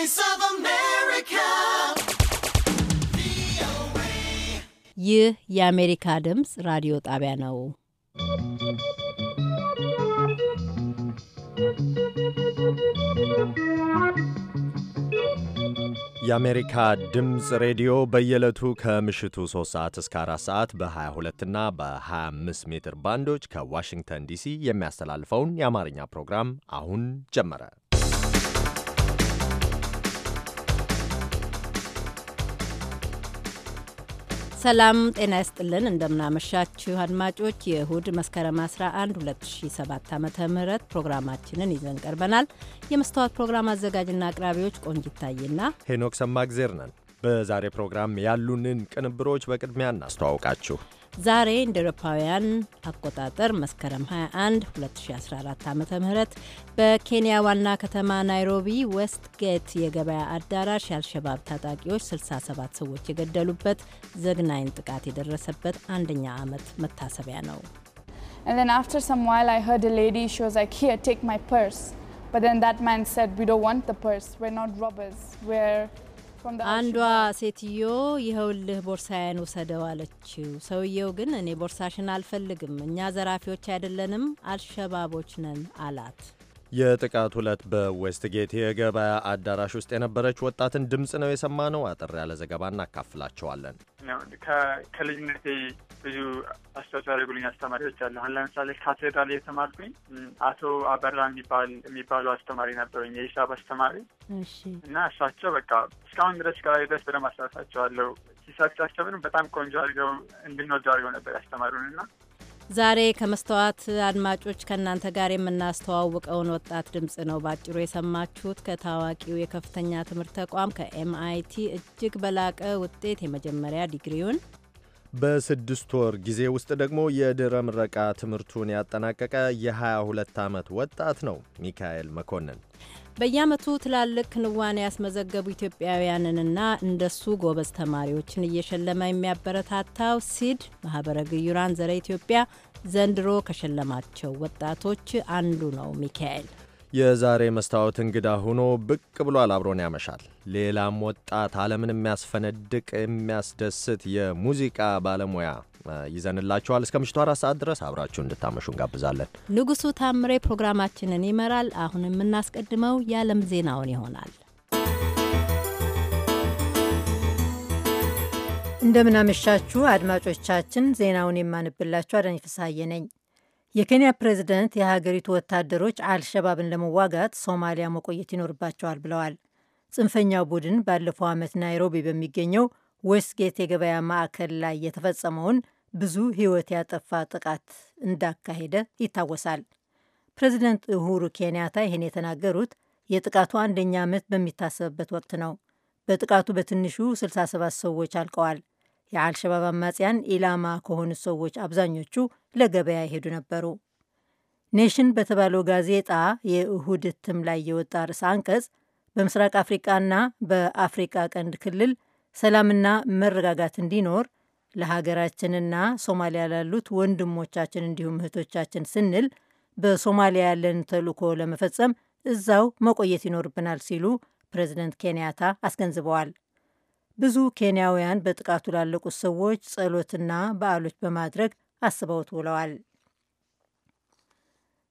Voice ይህ የአሜሪካ ድምፅ ራዲዮ ጣቢያ ነው። የአሜሪካ ድምፅ ሬዲዮ በየዕለቱ ከምሽቱ 3 ሰዓት እስከ 4 ሰዓት በ22 እና በ25 ሜትር ባንዶች ከዋሽንግተን ዲሲ የሚያስተላልፈውን የአማርኛ ፕሮግራም አሁን ጀመረ። ሰላም ጤና ይስጥልን። እንደምናመሻችሁ አድማጮች፣ የእሁድ መስከረም 11 2007 ዓ ም ፕሮግራማችንን ይዘን ቀርበናል። የመስተዋት ፕሮግራም አዘጋጅና አቅራቢዎች ቆንጅታይና ሄኖክ ሰማግዜር ነን። በዛሬ ፕሮግራም ያሉንን ቅንብሮች በቅድሚያ እናስተዋውቃችሁ። ዛሬ እንደ ኤሮፓውያን አቆጣጠር መስከረም 21 2014 ዓ ም በኬንያ ዋና ከተማ ናይሮቢ ዌስት ጌት የገበያ አዳራሽ የአልሸባብ ታጣቂዎች 67 ሰዎች የገደሉበት ዘግናኝ ጥቃት የደረሰበት አንደኛ ዓመት መታሰቢያ ነው። ን አንዷ ሴትዮ ይኸውልህ ቦርሳዬን ውሰደው አለችው። ሰውየው ግን እኔ ቦርሳሽን አልፈልግም፣ እኛ ዘራፊዎች አይደለንም፣ አልሸባቦች ነን አላት። የጥቃት ዕለት በዌስትጌት የገበያ አዳራሽ ውስጥ የነበረች ወጣትን ድምፅ ነው የሰማነው። አጠር ያለ ዘገባ እናካፍላቸዋለን። ከልጅነቴ ብዙ አስተዋጽኦ ያደረጉልኝ አስተማሪዎች አሉ። አሁን ለምሳሌ ካቴድራል የተማርኩኝ አቶ አበራ የሚባል የሚባሉ አስተማሪ ነበሩኝ፣ የሂሳብ አስተማሪ እና እሳቸው በቃ እስካሁን ድረስ ከላይ ድረስ በደንብ አስታውሳቸዋለሁ። ሂሳብ ሲያስተምሩን በጣም ቆንጆ አድርገው እንድንወደው አድርገው ነበር ያስተማሩን እና ዛሬ ከመስተዋት አድማጮች ከእናንተ ጋር የምናስተዋውቀውን ወጣት ድምፅ ነው ባጭሩ የሰማችሁት። ከታዋቂው የከፍተኛ ትምህርት ተቋም ከኤምአይቲ እጅግ በላቀ ውጤት የመጀመሪያ ዲግሪውን በስድስት ወር ጊዜ ውስጥ ደግሞ የድረ ምረቃ ትምህርቱን ያጠናቀቀ የ22 ዓመት ወጣት ነው ሚካኤል መኮንን። በየዓመቱ ትላልቅ ክንዋኔ ያስመዘገቡ ኢትዮጵያውያንንና እንደሱ ጎበዝ ተማሪዎችን እየሸለመ የሚያበረታታው ሲድ ማህበረ ግዩራን ዘረ ኢትዮጵያ ዘንድሮ ከሸለማቸው ወጣቶች አንዱ ነው ሚካኤል። የዛሬ መስታወት እንግዳ ሆኖ ብቅ ብሏል። አብሮን ያመሻል። ሌላም ወጣት ዓለምን የሚያስፈነድቅ የሚያስደስት የሙዚቃ ባለሙያ ይዘንላችኋል። እስከ ምሽቱ አራት ሰዓት ድረስ አብራችሁ እንድታመሹ እንጋብዛለን። ንጉሱ ታምሬ ፕሮግራማችንን ይመራል። አሁን የምናስቀድመው የዓለም ዜናውን ይሆናል። እንደምናመሻችሁ አድማጮቻችን፣ ዜናውን የማንብላችሁ አዳኝ ፍሳዬ ነኝ። የኬንያ ፕሬዝደንት የሀገሪቱ ወታደሮች አልሸባብን ለመዋጋት ሶማሊያ መቆየት ይኖርባቸዋል ብለዋል። ጽንፈኛው ቡድን ባለፈው ዓመት ናይሮቢ በሚገኘው ዌስትጌት የገበያ ማዕከል ላይ የተፈጸመውን ብዙ ሕይወት ያጠፋ ጥቃት እንዳካሄደ ይታወሳል። ፕሬዚደንት እሁሩ ኬንያታ ይህን የተናገሩት የጥቃቱ አንደኛ ዓመት በሚታሰብበት ወቅት ነው። በጥቃቱ በትንሹ 67 ሰዎች አልቀዋል። የአልሸባብ አማጽያን ኢላማ ከሆኑት ሰዎች አብዛኞቹ ለገበያ ይሄዱ ነበሩ። ኔሽን በተባለው ጋዜጣ የእሁድ እትም ላይ የወጣ ርዕሰ አንቀጽ በምስራቅ አፍሪቃና በአፍሪቃ ቀንድ ክልል ሰላምና መረጋጋት እንዲኖር ለሀገራችንና ሶማሊያ ላሉት ወንድሞቻችን እንዲሁም እህቶቻችን ስንል በሶማሊያ ያለን ተልኮ ለመፈጸም እዛው መቆየት ይኖርብናል ሲሉ ፕሬዚደንት ኬንያታ አስገንዝበዋል። ብዙ ኬንያውያን በጥቃቱ ላለቁት ሰዎች ጸሎትና በዓሎች በማድረግ አስበውት ውለዋል።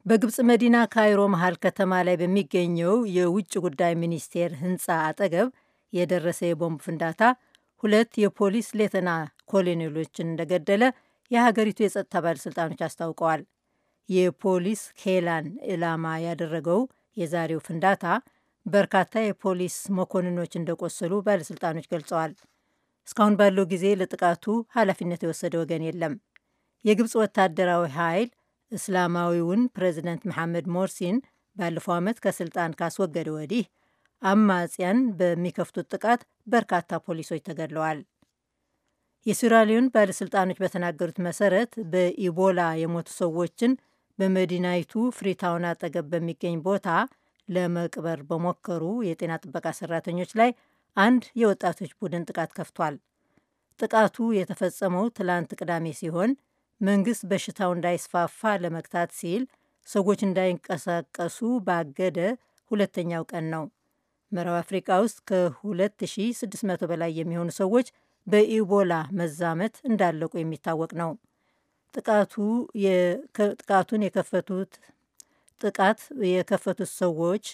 በግብፅ መዲና ካይሮ መሀል ከተማ ላይ በሚገኘው የውጭ ጉዳይ ሚኒስቴር ህንፃ አጠገብ የደረሰ የቦምብ ፍንዳታ ሁለት የፖሊስ ሌተና ኮሎኔሎችን እንደገደለ የሀገሪቱ የጸጥታ ባለሥልጣኖች አስታውቀዋል። የፖሊስ ኬላን ኢላማ ያደረገው የዛሬው ፍንዳታ በርካታ የፖሊስ መኮንኖች እንደቆሰሉ ባለሥልጣኖች ገልጸዋል። እስካሁን ባለው ጊዜ ለጥቃቱ ኃላፊነት የወሰደ ወገን የለም። የግብፅ ወታደራዊ ኃይል እስላማዊውን ፕሬዚደንት መሐመድ ሞርሲን ባለፈው ዓመት ከስልጣን ካስወገደ ወዲህ አማጽያን በሚከፍቱት ጥቃት በርካታ ፖሊሶች ተገድለዋል። የሲራሊዮን ባለሥልጣኖች በተናገሩት መሰረት በኢቦላ የሞቱ ሰዎችን በመዲናይቱ ፍሪታውን አጠገብ በሚገኝ ቦታ ለመቅበር በሞከሩ የጤና ጥበቃ ሰራተኞች ላይ አንድ የወጣቶች ቡድን ጥቃት ከፍቷል። ጥቃቱ የተፈጸመው ትላንት ቅዳሜ ሲሆን መንግስት በሽታው እንዳይስፋፋ ለመግታት ሲል ሰዎች እንዳይንቀሳቀሱ ባገደ ሁለተኛው ቀን ነው። ምዕራብ አፍሪቃ ውስጥ ከ2600 በላይ የሚሆኑ ሰዎች በኢቦላ መዛመት እንዳለቁ የሚታወቅ ነው። ጥቃቱን የከፈቱት ጥቃት የከፈቱት ሰዎች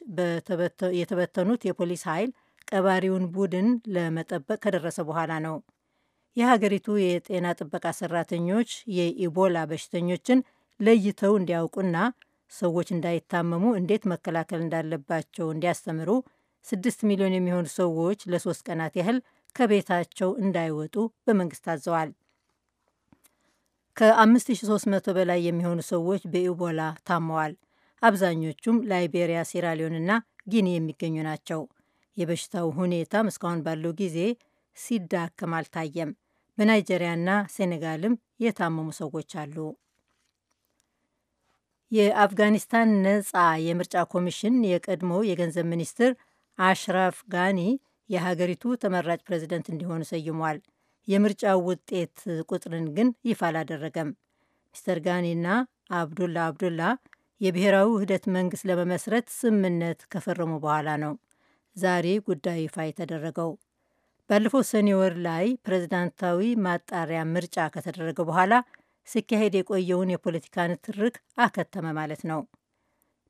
የተበተኑት የፖሊስ ኃይል ቀባሪውን ቡድን ለመጠበቅ ከደረሰ በኋላ ነው። የሀገሪቱ የጤና ጥበቃ ሰራተኞች የኢቦላ በሽተኞችን ለይተው እንዲያውቁና ሰዎች እንዳይታመሙ እንዴት መከላከል እንዳለባቸው እንዲያስተምሩ ስድስት ሚሊዮን የሚሆኑ ሰዎች ለሶስት ቀናት ያህል ከቤታቸው እንዳይወጡ በመንግስት ታዘዋል። ከ5300 በላይ የሚሆኑ ሰዎች በኢቦላ ታመዋል። አብዛኞቹም ላይቤሪያ፣ ሴራሊዮንና ጊኒ የሚገኙ ናቸው። የበሽታው ሁኔታም እስካሁን ባለው ጊዜ ሲዳከም አልታየም። በናይጄሪያና ሴኔጋልም የታመሙ ሰዎች አሉ። የአፍጋኒስታን ነጻ የምርጫ ኮሚሽን የቀድሞ የገንዘብ ሚኒስትር አሽራፍ ጋኒ የሀገሪቱ ተመራጭ ፕሬዚደንት እንዲሆኑ ሰይሟል። የምርጫው ውጤት ቁጥርን ግን ይፋ አላደረገም። ሚስተር ጋኒና አብዱላ አብዱላ የብሔራዊ ውህደት መንግስት ለመመስረት ስምምነት ከፈረሙ በኋላ ነው ዛሬ ጉዳዩ ይፋ የተደረገው። ባለፈው ሰኔ ወር ላይ ፕሬዝዳንታዊ ማጣሪያ ምርጫ ከተደረገ በኋላ ሲካሄድ የቆየውን የፖለቲካ ንትርክ አከተመ ማለት ነው።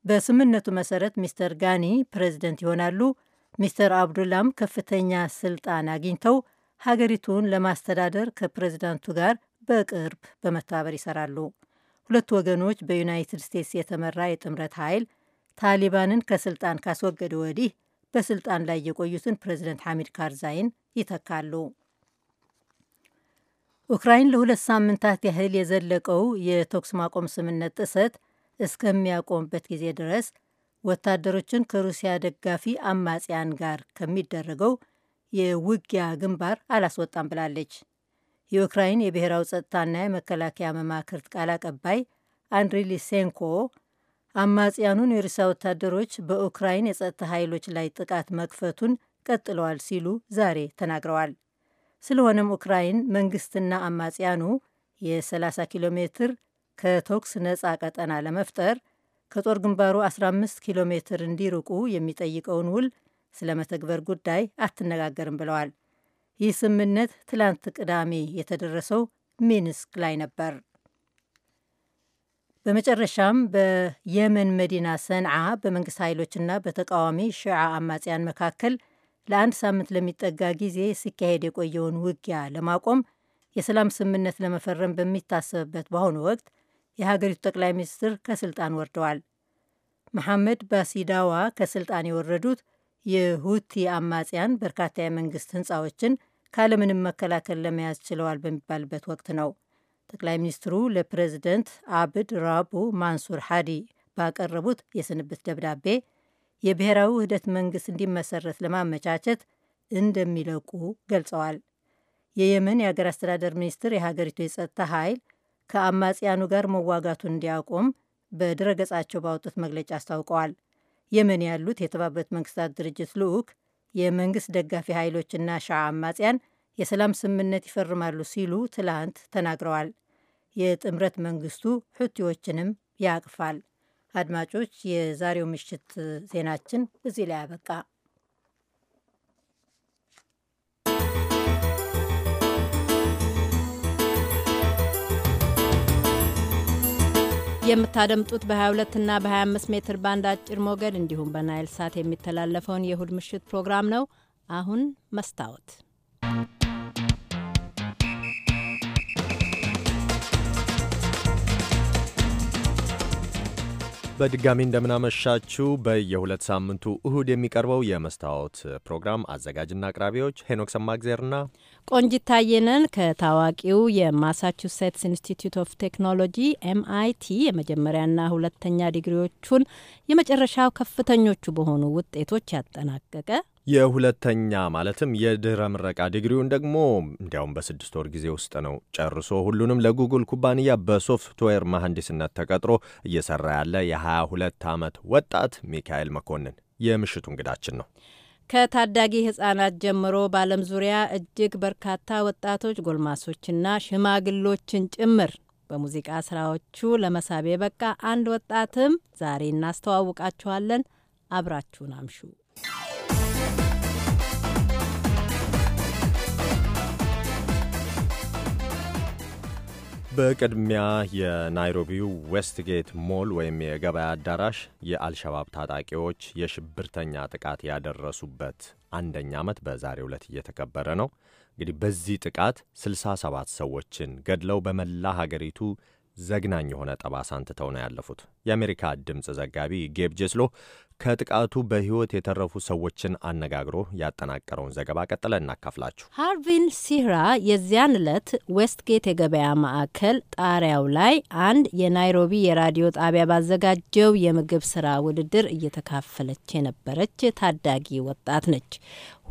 በስምምነቱ መሰረት ሚስተር ጋኒ ፕሬዝደንት ይሆናሉ። ሚስተር አብዱላም ከፍተኛ ስልጣን አግኝተው ሀገሪቱን ለማስተዳደር ከፕሬዝዳንቱ ጋር በቅርብ በመተባበር ይሰራሉ። ሁለቱ ወገኖች በዩናይትድ ስቴትስ የተመራ የጥምረት ኃይል ታሊባንን ከስልጣን ካስወገደ ወዲህ በስልጣን ላይ የቆዩትን ፕሬዚደንት ሐሚድ ካርዛይን ይተካሉ። ኡክራይን ለሁለት ሳምንታት ያህል የዘለቀው የተኩስ ማቆም ስምነት ጥሰት እስከሚያቆምበት ጊዜ ድረስ ወታደሮችን ከሩሲያ ደጋፊ አማጽያን ጋር ከሚደረገው የውጊያ ግንባር አላስወጣም ብላለች። የዩክራይን የብሔራዊ ጸጥታና የመከላከያ መማክርት ቃል አቀባይ አንድሪ ሊሴንኮ አማጽያኑን የሩሲያ ወታደሮች በኡክራይን የጸጥታ ኃይሎች ላይ ጥቃት መክፈቱን ቀጥለዋል ሲሉ ዛሬ ተናግረዋል። ስለሆነም ኡክራይን መንግስትና አማጽያኑ የ30 ኪሎ ሜትር ከተኩስ ነጻ ቀጠና ለመፍጠር ከጦር ግንባሩ 15 ኪሎ ሜትር እንዲርቁ የሚጠይቀውን ውል ስለ መተግበር ጉዳይ አትነጋገርም ብለዋል። ይህ ስምምነት ትላንት ቅዳሜ የተደረሰው ሚንስክ ላይ ነበር። በመጨረሻም በየመን መዲና ሰንዓ በመንግስት ኃይሎችና በተቃዋሚ ሽዓ አማጽያን መካከል ለአንድ ሳምንት ለሚጠጋ ጊዜ ሲካሄድ የቆየውን ውጊያ ለማቆም የሰላም ስምምነት ለመፈረም በሚታሰብበት በአሁኑ ወቅት የሀገሪቱ ጠቅላይ ሚኒስትር ከስልጣን ወርደዋል። መሐመድ ባሲዳዋ ከስልጣን የወረዱት የሁቲ አማጽያን በርካታ የመንግስት ህንፃዎችን ካለምንም መከላከል ለመያዝ ችለዋል በሚባልበት ወቅት ነው። ጠቅላይ ሚኒስትሩ ለፕሬዚደንት አብድ ራቡ ማንሱር ሃዲ ባቀረቡት የስንብት ደብዳቤ የብሔራዊ ውህደት መንግስት እንዲመሰረት ለማመቻቸት እንደሚለቁ ገልጸዋል። የየመን የሀገር አስተዳደር ሚኒስትር የሀገሪቱ የጸጥታ ኃይል ከአማጽያኑ ጋር መዋጋቱን እንዲያቆም በድረገጻቸው ባወጡት መግለጫ አስታውቀዋል። የመን ያሉት የተባበሩት መንግስታት ድርጅት ልዑክ የመንግስት ደጋፊ ኃይሎችና ሻ አማጽያን የሰላም ስምምነት ይፈርማሉ ሲሉ ትላንት ተናግረዋል። የጥምረት መንግስቱ ሑቲዎችንም ያቅፋል። አድማጮች፣ የዛሬው ምሽት ዜናችን እዚህ ላይ አበቃ። የምታደምጡት በ22 እና በ25 ሜትር ባንድ አጭር ሞገድ እንዲሁም በናይል ሳት የሚተላለፈውን የእሁድ ምሽት ፕሮግራም ነው። አሁን መስታወት በድጋሚ እንደምናመሻችው በየሁለት ሳምንቱ እሁድ የሚቀርበው የመስታወት ፕሮግራም አዘጋጅና አቅራቢዎች ሄኖክ ሰማግዜርና ቆንጂት ታየነን ከታዋቂው የማሳቹሴትስ ኢንስቲትዩት ኦፍ ቴክኖሎጂ ኤምአይቲ የመጀመሪያና ሁለተኛ ዲግሪዎቹን የመጨረሻው ከፍተኞቹ በሆኑ ውጤቶች ያጠናቀቀ የሁለተኛ ማለትም የድህረ ምረቃ ዲግሪውን ደግሞ እንዲያውም በስድስት ወር ጊዜ ውስጥ ነው ጨርሶ ሁሉንም ለጉግል ኩባንያ በሶፍትዌር መሐንዲስነት ተቀጥሮ እየሰራ ያለ የ22 ዓመት ወጣት ሚካኤል መኮንን የምሽቱ እንግዳችን ነው። ከታዳጊ ህጻናት ጀምሮ በዓለም ዙሪያ እጅግ በርካታ ወጣቶች፣ ጎልማሶችና ሽማግሎችን ጭምር በሙዚቃ ስራዎቹ ለመሳብ የበቃ አንድ ወጣትም ዛሬ እናስተዋውቃችኋለን። አብራችሁን አምሹ። በቅድሚያ የናይሮቢው ዌስትጌት ሞል ወይም የገበያ አዳራሽ የአልሸባብ ታጣቂዎች የሽብርተኛ ጥቃት ያደረሱበት አንደኛ ዓመት በዛሬው ዕለት እየተከበረ ነው። እንግዲህ በዚህ ጥቃት 67 ሰዎችን ገድለው በመላ ሀገሪቱ ዘግናኝ የሆነ ጠባሳ አንትተው ነው ያለፉት። የአሜሪካ ድምፅ ዘጋቢ ጌብ ጄስሎ ከጥቃቱ በሕይወት የተረፉ ሰዎችን አነጋግሮ ያጠናቀረውን ዘገባ ቀጥለን እናካፍላችሁ። ሃርቪን ሲራ የዚያን ዕለት ዌስትጌት የገበያ ማዕከል ጣሪያው ላይ አንድ የናይሮቢ የራዲዮ ጣቢያ ባዘጋጀው የምግብ ስራ ውድድር እየተካፈለች የነበረች ታዳጊ ወጣት ነች።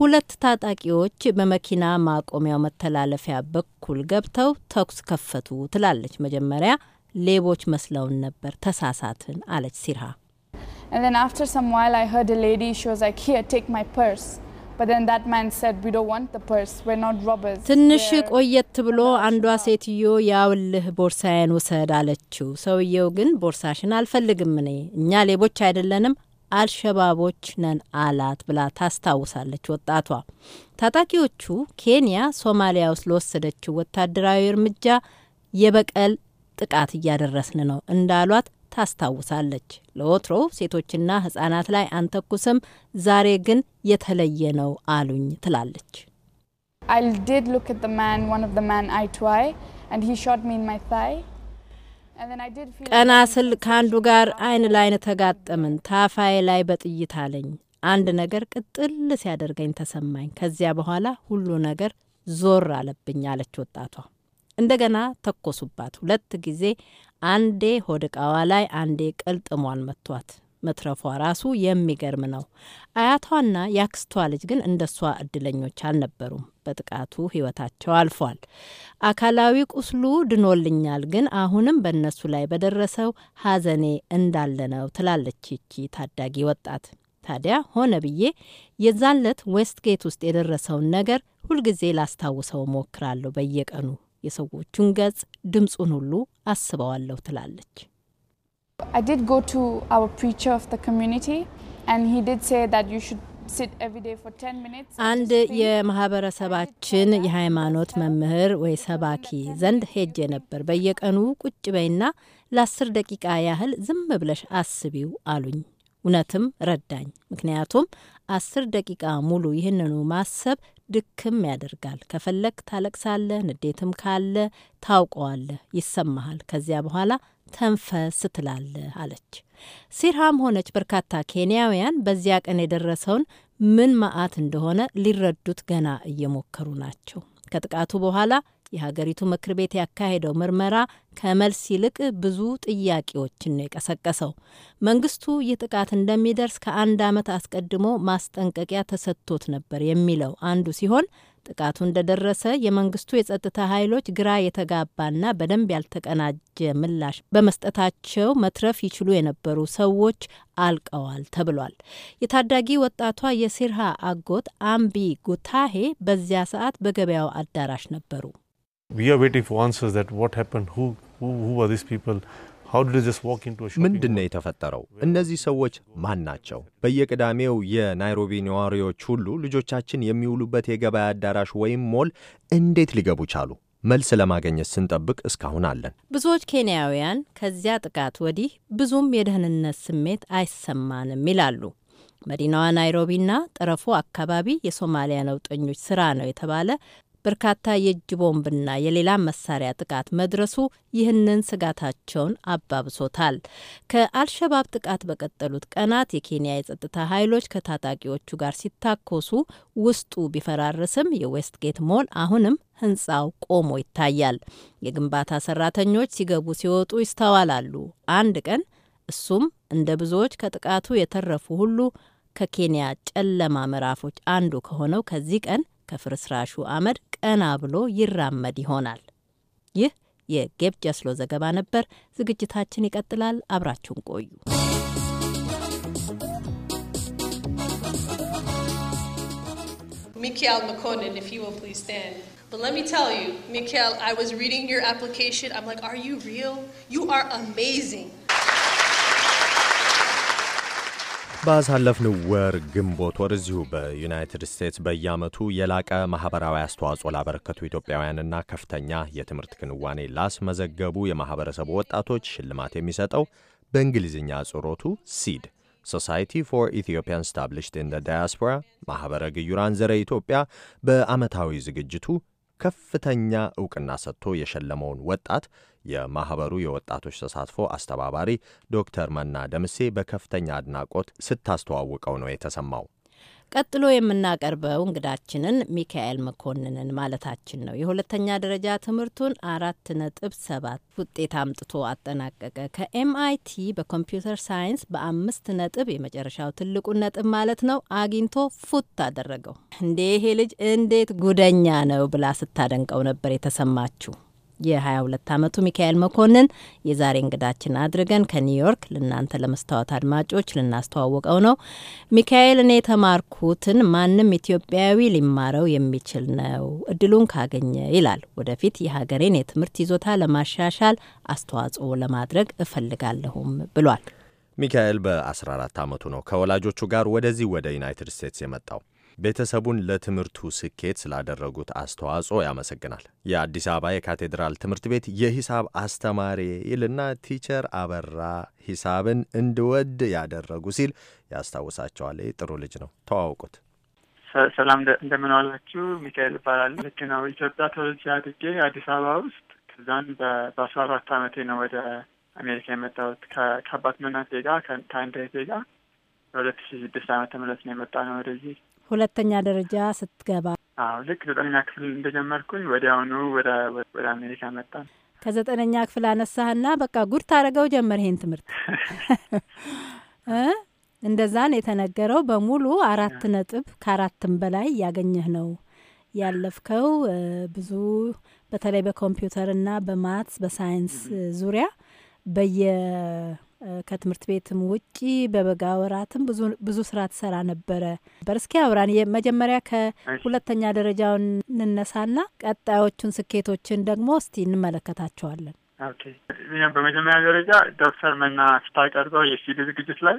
ሁለት ታጣቂዎች በመኪና ማቆሚያው መተላለፊያ በኩል ገብተው ተኩስ ከፈቱ ትላለች። መጀመሪያ ሌቦች መስለውን ነበር፣ ተሳሳትን አለች ሲራ። And then after some while, I heard a lady, she was like, Here, take my purse. ትንሽ ቆየት ብሎ አንዷ ሴትዮ ያውልህ ቦርሳዬን ውሰድ አለችው። ሰውየው ግን ቦርሳሽን አልፈልግም፣ እኔ እኛ ሌቦች አይደለንም አልሸባቦች ነን አላት ብላ ታስታውሳለች ወጣቷ። ታጣቂዎቹ ኬንያ ሶማሊያ ውስጥ ለወሰደችው ወታደራዊ እርምጃ የበቀል ጥቃት እያደረስን ነው እንዳሏት ታስታውሳለች። ለወትሮ ሴቶችና ህጻናት ላይ አንተኩስም፣ ዛሬ ግን የተለየ ነው አሉኝ ትላለች። ቀና ስል ከአንዱ ጋር አይን ላይን ተጋጠምን። ታፋዬ ላይ በጥይት አለኝ። አንድ ነገር ቅጥል ሲያደርገኝ ተሰማኝ። ከዚያ በኋላ ሁሉ ነገር ዞር አለብኝ አለች ወጣቷ። እንደገና ተኮሱባት። ሁለት ጊዜ አንዴ ሆድቃዋ ላይ አንዴ ቅልጥሟን መቷት። መትረፏ ራሱ የሚገርም ነው። አያቷና ያክስቷ ልጅ ግን እንደሷ እድለኞች አልነበሩም። በጥቃቱ ህይወታቸው አልፏል። አካላዊ ቁስሉ ድኖልኛል፣ ግን አሁንም በእነሱ ላይ በደረሰው ሀዘኔ እንዳለ ነው ትላለች ይቺ ታዳጊ ወጣት። ታዲያ ሆነ ብዬ የዛን ዕለት ዌስትጌት ውስጥ የደረሰውን ነገር ሁልጊዜ ላስታውሰው ሞክራለሁ በየቀኑ የሰዎቹን ገጽ ድምፁን ሁሉ አስበዋለሁ ትላለች። አንድ የማህበረሰባችን የሃይማኖት መምህር ወይ ሰባኪ ዘንድ ሄጄ ነበር። በየቀኑ ቁጭ በይና ለአስር ደቂቃ ያህል ዝም ብለሽ አስቢው አሉኝ። እውነትም ረዳኝ። ምክንያቱም አስር ደቂቃ ሙሉ ይህንኑ ማሰብ ድክም ያደርጋል። ከፈለግ ታለቅሳለህ፣ ንዴትም ካለ ታውቀዋለህ፣ ይሰማሃል። ከዚያ በኋላ ተንፈስ ትላለህ አለች። ሲርሃም ሆነች በርካታ ኬንያውያን በዚያ ቀን የደረሰውን ምን መዓት እንደሆነ ሊረዱት ገና እየሞከሩ ናቸው። ከጥቃቱ በኋላ የሀገሪቱ ምክር ቤት ያካሄደው ምርመራ ከመልስ ይልቅ ብዙ ጥያቄዎችን ነው የቀሰቀሰው። መንግስቱ ይህ ጥቃት እንደሚደርስ ከአንድ ዓመት አስቀድሞ ማስጠንቀቂያ ተሰጥቶት ነበር የሚለው አንዱ ሲሆን ጥቃቱ እንደደረሰ የመንግስቱ የጸጥታ ኃይሎች ግራ የተጋባና በደንብ ያልተቀናጀ ምላሽ በመስጠታቸው መትረፍ ይችሉ የነበሩ ሰዎች አልቀዋል ተብሏል። የታዳጊ ወጣቷ የሲርሃ አጎት አምቢ ጉታሄ በዚያ ሰዓት በገበያው አዳራሽ ነበሩ። We are waiting for answers that what happened, who, who, who are these people, ምንድን ነው የተፈጠረው? እነዚህ ሰዎች ማን ናቸው? በየቅዳሜው የናይሮቢ ነዋሪዎች ሁሉ ልጆቻችን የሚውሉበት የገበያ አዳራሽ ወይም ሞል እንዴት ሊገቡ ቻሉ? መልስ ለማግኘት ስንጠብቅ እስካሁን አለን። ብዙዎች ኬንያውያን ከዚያ ጥቃት ወዲህ ብዙም የደህንነት ስሜት አይሰማንም ይላሉ። መዲናዋ ናይሮቢና ጠረፉ አካባቢ የሶማሊያ ነውጠኞች ስራ ነው የተባለ በርካታ የእጅ ቦምብና የሌላ መሳሪያ ጥቃት መድረሱ ይህንን ስጋታቸውን አባብሶታል። ከአልሸባብ ጥቃት በቀጠሉት ቀናት የኬንያ የጸጥታ ኃይሎች ከታጣቂዎቹ ጋር ሲታኮሱ ውስጡ ቢፈራርስም የዌስትጌት ሞል አሁንም ህንፃው ቆሞ ይታያል። የግንባታ ሰራተኞች ሲገቡ ሲወጡ ይስተዋላሉ። አንድ ቀን እሱም እንደ ብዙዎች ከጥቃቱ የተረፉ ሁሉ ከኬንያ ጨለማ ምዕራፎች አንዱ ከሆነው ከዚህ ቀን ከፍርስራሹ አመድ ቀና ብሎ ይራመድ ይሆናል። ይህ የጌብ ጀስሎ ዘገባ ነበር። ዝግጅታችን ይቀጥላል። አብራችሁን ቆዩ። Mikhail Makonnen, if you will please stand. But let me tell you, Mikhail, I was reading your application. I'm like, are you real? You are amazing. ባሳለፍነው ወር ግንቦት ወር እዚሁ በዩናይትድ ስቴትስ በየዓመቱ የላቀ ማህበራዊ አስተዋጽኦ ላበረከቱ ኢትዮጵያውያንና ከፍተኛ የትምህርት ክንዋኔ ላስመዘገቡ የማህበረሰቡ ወጣቶች ሽልማት የሚሰጠው በእንግሊዝኛ ጽሮቱ ሲድ ሶሳይቲ ፎር ኢትዮጵያን ስታብሊሽድ ኢን ዳያስፖራ ማኅበረ ግዩራን ዘረ ኢትዮጵያ በዓመታዊ ዝግጅቱ ከፍተኛ ዕውቅና ሰጥቶ የሸለመውን ወጣት የማህበሩ የወጣቶች ተሳትፎ አስተባባሪ ዶክተር መና ደምሴ በከፍተኛ አድናቆት ስታስተዋውቀው ነው የተሰማው። ቀጥሎ የምናቀርበው እንግዳችንን ሚካኤል መኮንንን ማለታችን ነው። የሁለተኛ ደረጃ ትምህርቱን አራት ነጥብ ሰባት ውጤት አምጥቶ አጠናቀቀ። ከኤምአይቲ በኮምፒውተር ሳይንስ በአምስት ነጥብ የመጨረሻው ትልቁን ነጥብ ማለት ነው አግኝቶ ፉት አደረገው። እንዴ ይሄ ልጅ እንዴት ጉደኛ ነው ብላ ስታደንቀው ነበር የተሰማችው። የ22 ዓመቱ ሚካኤል መኮንን የዛሬ እንግዳችን አድርገን ከኒውዮርክ ለእናንተ ለመስታወት አድማጮች ልናስተዋወቀው ነው። ሚካኤል እኔ የተማርኩትን ማንም ኢትዮጵያዊ ሊማረው የሚችል ነው እድሉን ካገኘ ይላል። ወደፊት የሀገሬን የትምህርት ይዞታ ለማሻሻል አስተዋጽኦ ለማድረግ እፈልጋለሁም ብሏል። ሚካኤል በ14 ዓመቱ ነው ከወላጆቹ ጋር ወደዚህ ወደ ዩናይትድ ስቴትስ የመጣው። ቤተሰቡን ለትምህርቱ ስኬት ስላደረጉት አስተዋጽኦ ያመሰግናል። የአዲስ አበባ የካቴድራል ትምህርት ቤት የሂሳብ አስተማሪ ይልና ቲቸር አበራ ሂሳብን እንድወድ ያደረጉ ሲል ያስታውሳቸዋል። ጥሩ ልጅ ነው። ተዋውቁት። ሰላም እንደምን ሚካኤል ይባላል። ልክ ነው። ኢትዮጵያ ተወልጄ አድጌ አዲስ አበባ ውስጥ ከዛን በአስራ አራት አመቴ ነው ወደ አሜሪካ የመጣሁት ከአባት መናት ዜጋ ከአንድ ዜጋ በሁለት ሺ ስድስት አመተ ምህረት ነው የመጣ ነው ወደዚህ ሁለተኛ ደረጃ ስትገባ? አዎ ልክ ዘጠነኛ ክፍል እንደጀመርኩኝ ወዲያውኑ ወደ አሜሪካ መጣን። ከዘጠነኛ ክፍል አነሳህና በቃ ጉድ ታደረገው ጀመር ይሄን ትምህርት እንደዛ ነው የተነገረው። በሙሉ አራት ነጥብ ከአራትም በላይ ያገኘህ ነው ያለፍከው። ብዙ በተለይ በኮምፒውተርና በማትስ በሳይንስ ዙሪያ በየ ከትምህርት ቤትም ውጪ በበጋ ወራትም ብዙ ስራ ትሰራ ነበረ በርስኪ እስኪ አውራን መጀመሪያ ከሁለተኛ ደረጃውን እንነሳና ቀጣዮቹን ስኬቶችን ደግሞ እስቲ እንመለከታቸዋለን። በመጀመሪያ ደረጃ ዶክተር መና ስታቀርበው የሲዲ ዝግጅት ላይ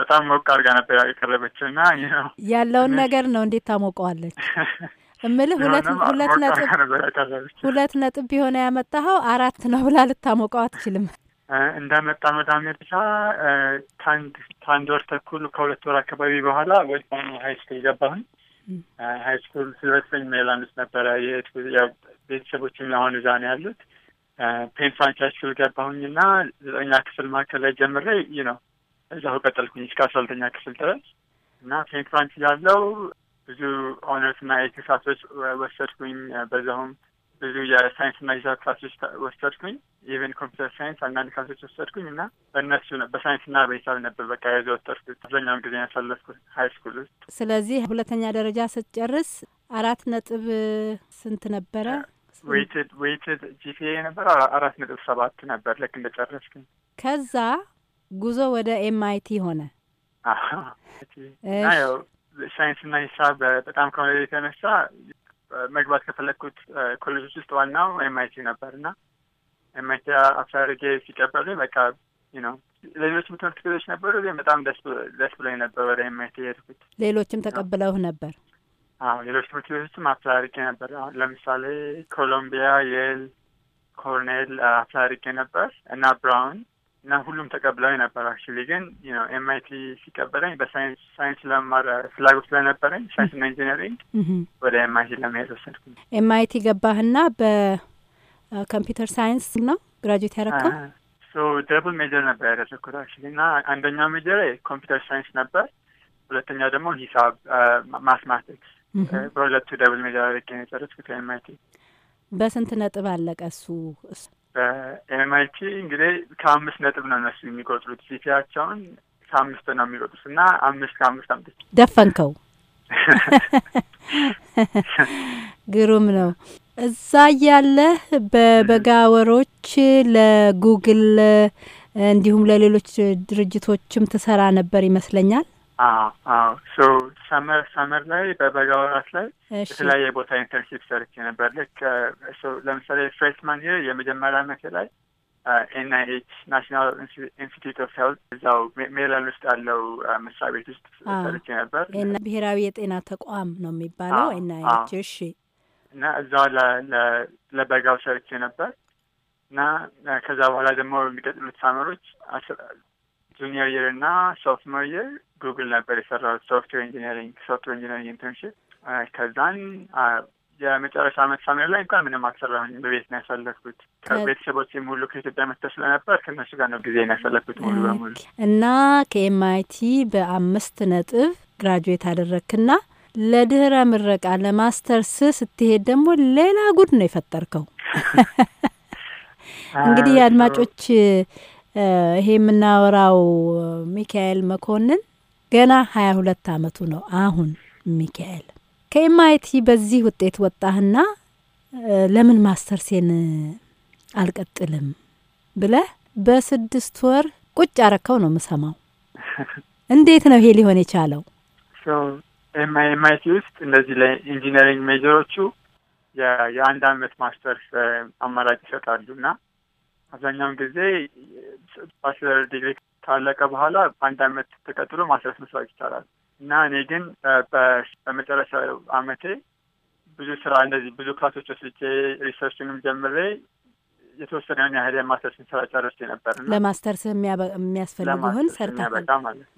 በጣም ሞቅ አድርጋ ነበር የቀረበችና ያለውን ነገር ነው እንዴት ታሞቀዋለች እምልህ ሁለት ነጥብ ሁለት ነጥብ ቢሆነ ያመጣኸው አራት ነው ብላ ልታሞቀው አትችልም። እንዳመጣን ወደ አሜሪካ ከአንድ ከአንድ ወር ተኩል ከሁለት ወር አካባቢ በኋላ ወደ ሆኑ ሀይ ስኩል ገባሁኝ። ሀይ ስኩል ሲደርሰኝ ሜላንድ ነበረ ቤተሰቦችም አሁን እዛ ነው ያሉት። ፔን ፍራንቻይዝ ስኩል ገባሁኝና ዘጠኛ ክፍል ማዕከል ላይ ጀምሬ ነው እዛሁ ቀጠልኩኝ እስከ አስራ ሁለተኛ ክፍል ድረስ እና ፔን ፍራንች ያለው ብዙ ኦነርስ እና ኤክሳሶች ወሰድኩኝ በዛሁም ብዙ የሳይንስና ሂሳብ ክላሶች ወሰድኩኝ። ኢቨን ኮምፒውተር ሳይንስ አንዳንድ ክላሶች ወሰድኩኝ እና በእነሱ በሳይንስና በሂሳብ ነበር በቃ የዚ ወሰድኩ አብዛኛውን ጊዜ ያሳለፍኩት ሀይ ስኩል ውስጥ። ስለዚህ ሁለተኛ ደረጃ ስትጨርስ አራት ነጥብ ስንት ነበረ? ዌይትድ ዌይትድ ጂፒኤ ነበር አራት ነጥብ ሰባት ነበር ልክ እንደ ጨረስኩኝ። ከዛ ጉዞ ወደ ኤምአይቲ ሆነ። ሳይንስና ሂሳብ በጣም ከሆነ የተነሳ መግባት ከፈለግኩት ኮሌጆች ውስጥ ዋናው ኤምአይቲ ነበር እና ኤምአይቲ አፍሳርጌ ሲቀበሉ በቃ ነው። ሌሎችም ትምህርት ቤቶች ነበሩ፣ ግን በጣም ደስ ብሎኝ ነበር ወደ ኤምአይቲ የሄድኩት። ሌሎችም ተቀብለው ነበር? አዎ፣ ሌሎች ትምህርት ቤቶችም አፍሳርጌ ነበር። ለምሳሌ ኮሎምቢያ፣ የል፣ ኮርኔል አፍላርጌ ነበር እና ብራውን እና ሁሉም ተቀብለው ነበር። አክቹዋሊ ግን ነው ኤምአይቲ ሲቀበለኝ በሳይንስ ሳይንስ ለመማር ፍላጎት ስለነበረኝ ሳይንስና ኢንጂነሪንግ ወደ ኤምአይቲ ለመሄድ ወሰድኩ። ኤምአይቲ ገባህና በኮምፒውተር ሳይንስ ነው ግራጁዌት ያረከው? ሶ ደብል ሜጀር ነበር ያደረግኩት አክቹዋሊ እና አንደኛው ሜጀር ኮምፒውተር ሳይንስ ነበር፣ ሁለተኛ ደግሞ ሂሳብ ማትማቲክስ። በሁለቱ ደብል ሜጀር አድርጌ ነው የጨረስኩት ኤምአይቲ። በስንት ነጥብ አለቀ እሱ? በኤምአይቲ እንግዲህ ከአምስት ነጥብ ነው እነሱ የሚቆጥሩት ሲፒያቸውን ከአምስት ነው የሚቆጥሩት እና አምስት ከአምስት አምጥቼ ደፈንከው። ግሩም ነው። እዛ እያለህ በበጋ ወሮች ለጉግል እንዲሁም ለሌሎች ድርጅቶችም ትሰራ ነበር ይመስለኛል። አዎ ሰመር ሰመር ላይ በበጋ ወራት ላይ የተለያየ ቦታ ኢንተርንሺፕ ሰርቼ ነበር። ልክ ለምሳሌ ፍሬሽማን ይር የመጀመሪያ ዓመት ላይ ኤን አይ ኤች ናሽናል ኢንስቲትዩት ኦፍ ሄልት እዛው ሜሪላንድ ውስጥ ያለው መስሪያ ቤት ውስጥ ሰርቼ ነበር። ብሔራዊ የጤና ተቋም ነው የሚባለው ኤን አይ ኤች። እሺ። እና እዛ ለበጋው ሰርቼ ነበር እና ከዛ በኋላ ደግሞ የሚቀጥሉት ሳመሮች ጁኒየር የር እና ሶፍትመር የር ጉግል ነበር የሰራሁት ሶፍትዌር ኢንጂኒሪንግ ሶፍትዌር ኢንጂኒሪንግ ኢንተርንሽፕ። ከዛን የመጨረሻ አመት ሳምር ላይ እንኳን ምንም አልሰራሁኝ በቤት ነው ያሳለፍኩት። ከቤተሰቦችም ሁሉ ከኢትዮጵያ መጥተው ስለነበር ከእነሱ ጋር ነው ጊዜ ያሳለፍኩት ሙሉ በሙሉ እና ከኤምአይቲ በአምስት ነጥብ ግራጁዌት አደረግክና ለድህረ ምረቃ ለማስተርስ ስትሄድ ደግሞ ሌላ ጉድ ነው የፈጠርከው። እንግዲህ የአድማጮች ይሄ የምናወራው ሚካኤል መኮንን ገና ሀያ ሁለት አመቱ ነው። አሁን ሚካኤል ከኤምአይቲ በዚህ ውጤት ወጣህና ለምን ማስተርሴን አልቀጥልም ብለህ በስድስት ወር ቁጭ አረከው ነው የምሰማው። እንዴት ነው ይሄ ሊሆን የቻለው? ኤምአይቲ ውስጥ እንደዚህ ለኢንጂነሪንግ ሜጀሮቹ የአንድ አመት ማስተርስ አማራጭ ይሰጣሉ እና አብዛኛውን ጊዜ ባችለር ዲግሪ ካለቀ በኋላ አንድ አመት ተቀጥሎ ማስተርስ መስራት ይቻላል እና እኔ ግን በመጨረሻ አመቴ ብዙ ስራ እንደዚህ ብዙ ክላሶች ወስጄ ሪሰርችንም ጀምሬ የተወሰነውን ያህል የማስተርስን ስራ ጨርሼ ነበር። ለማስተርስ የሚያስፈልጉህን ሰርተህ በቃ ማለት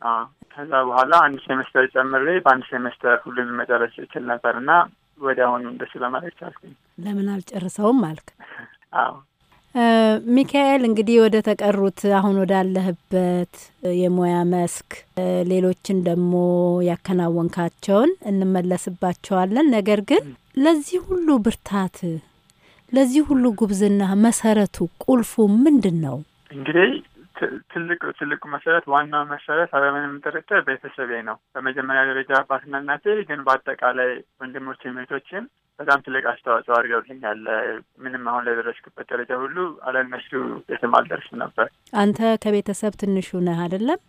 ከዛ በኋላ አንድ ሴሜስተር ጨምሬ በአንድ ሴሜስተር ሁሉም መጨረስ ይችል ነበር እና ወዲያውኑ እንደሱ ለማድረግ ቻልኩኝ። ለምን አልጨርሰውም አልክ? አዎ ሚካኤል እንግዲህ ወደ ተቀሩት አሁን ወዳለህበት የሙያ መስክ ሌሎችን ደግሞ ያከናወንካቸውን እንመለስባቸዋለን። ነገር ግን ለዚህ ሁሉ ብርታት፣ ለዚህ ሁሉ ጉብዝና መሰረቱ ቁልፉ ምንድን ነው? እንግዲህ ትልቅ ትልቁ መሰረት ዋናው መሰረት አለምንም ጥርጥር ቤተሰቤ ነው። በመጀመሪያ ደረጃ አባትና እናቴ፣ ግን በአጠቃላይ ወንድሞቼ፣ እህቶቼም በጣም ትልቅ አስተዋጽኦ አድርገውልኛል። ምንም አሁን ለደረስኩበት ደረጃ ሁሉ አለነሱ የትም አልደርስም ነበር። አንተ ከቤተሰብ ትንሹ ነህ አይደለም?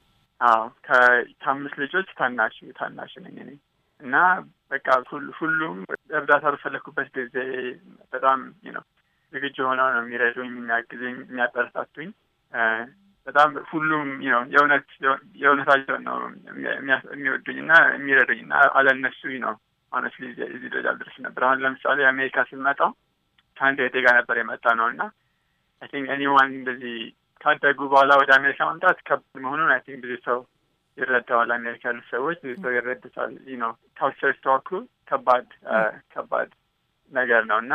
አዎ፣ ከአምስት ልጆች ታናሽ ታናሽ ነኝ እኔ እና በቃ ሁሉም እርዳታ በፈለግኩበት ጊዜ በጣም ነው ዝግጁ ሆነው ነው የሚረዱኝ፣ የሚያግዙኝ፣ የሚያበረታቱኝ በጣም ሁሉም ነው የእውነት የእውነታቸውን ነው የሚወዱኝ እና የሚረዱኝ እና አለነሱ ነው አነስ እዚህ ደረጃ አልደርስ ነበር። አሁን ለምሳሌ አሜሪካ ስንመጣ ከአንድ እህቴ ጋር ነበር የመጣ ነው እና አይ ቲንክ ኤኒዋን እንደዚህ ካደጉ በኋላ ወደ አሜሪካ መምጣት ከባድ መሆኑን አይ ቲንክ ብዙ ሰው ይረዳዋል። አሜሪካ ያሉ ሰዎች ብዙ ሰው ይረዱታል። ነው ካልቸር ስተዋኩ ከባድ uh, hmm. ከባድ ነገር ነው እና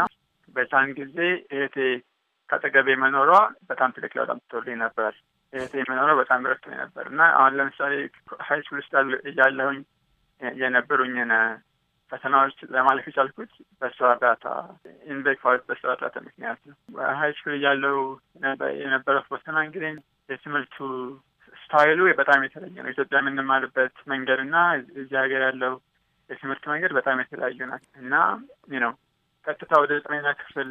በዛን ጊዜ እህቴ ከአጠገቤ መኖሯ በጣም ትልቅ ለውጥ አምጥቶልኝ ነበር። እህቴ መኖሯ በጣም ረድቶኝ ነበር እና አሁን ለምሳሌ ሀይ ስኩል ውስጥ እያለሁኝ የነበሩኝን uh, ፈተናዎች ለማለፍ የቻልኩት በእሱ እርዳታ ኢንቤክ ፋውት በእሱ እርዳታ ምክንያት ነው። ሀይ ስኩል እያለው የነበረ ፈተና እንግዲህ የትምህርቱ ስታይሉ በጣም የተለየ ነው። ኢትዮጵያ የምንማርበት መንገድ እና እዚህ ሀገር ያለው የትምህርት መንገድ በጣም የተለያዩ ናቸው እና ነው ቀጥታ ወደ ዘጠነኛ ክፍል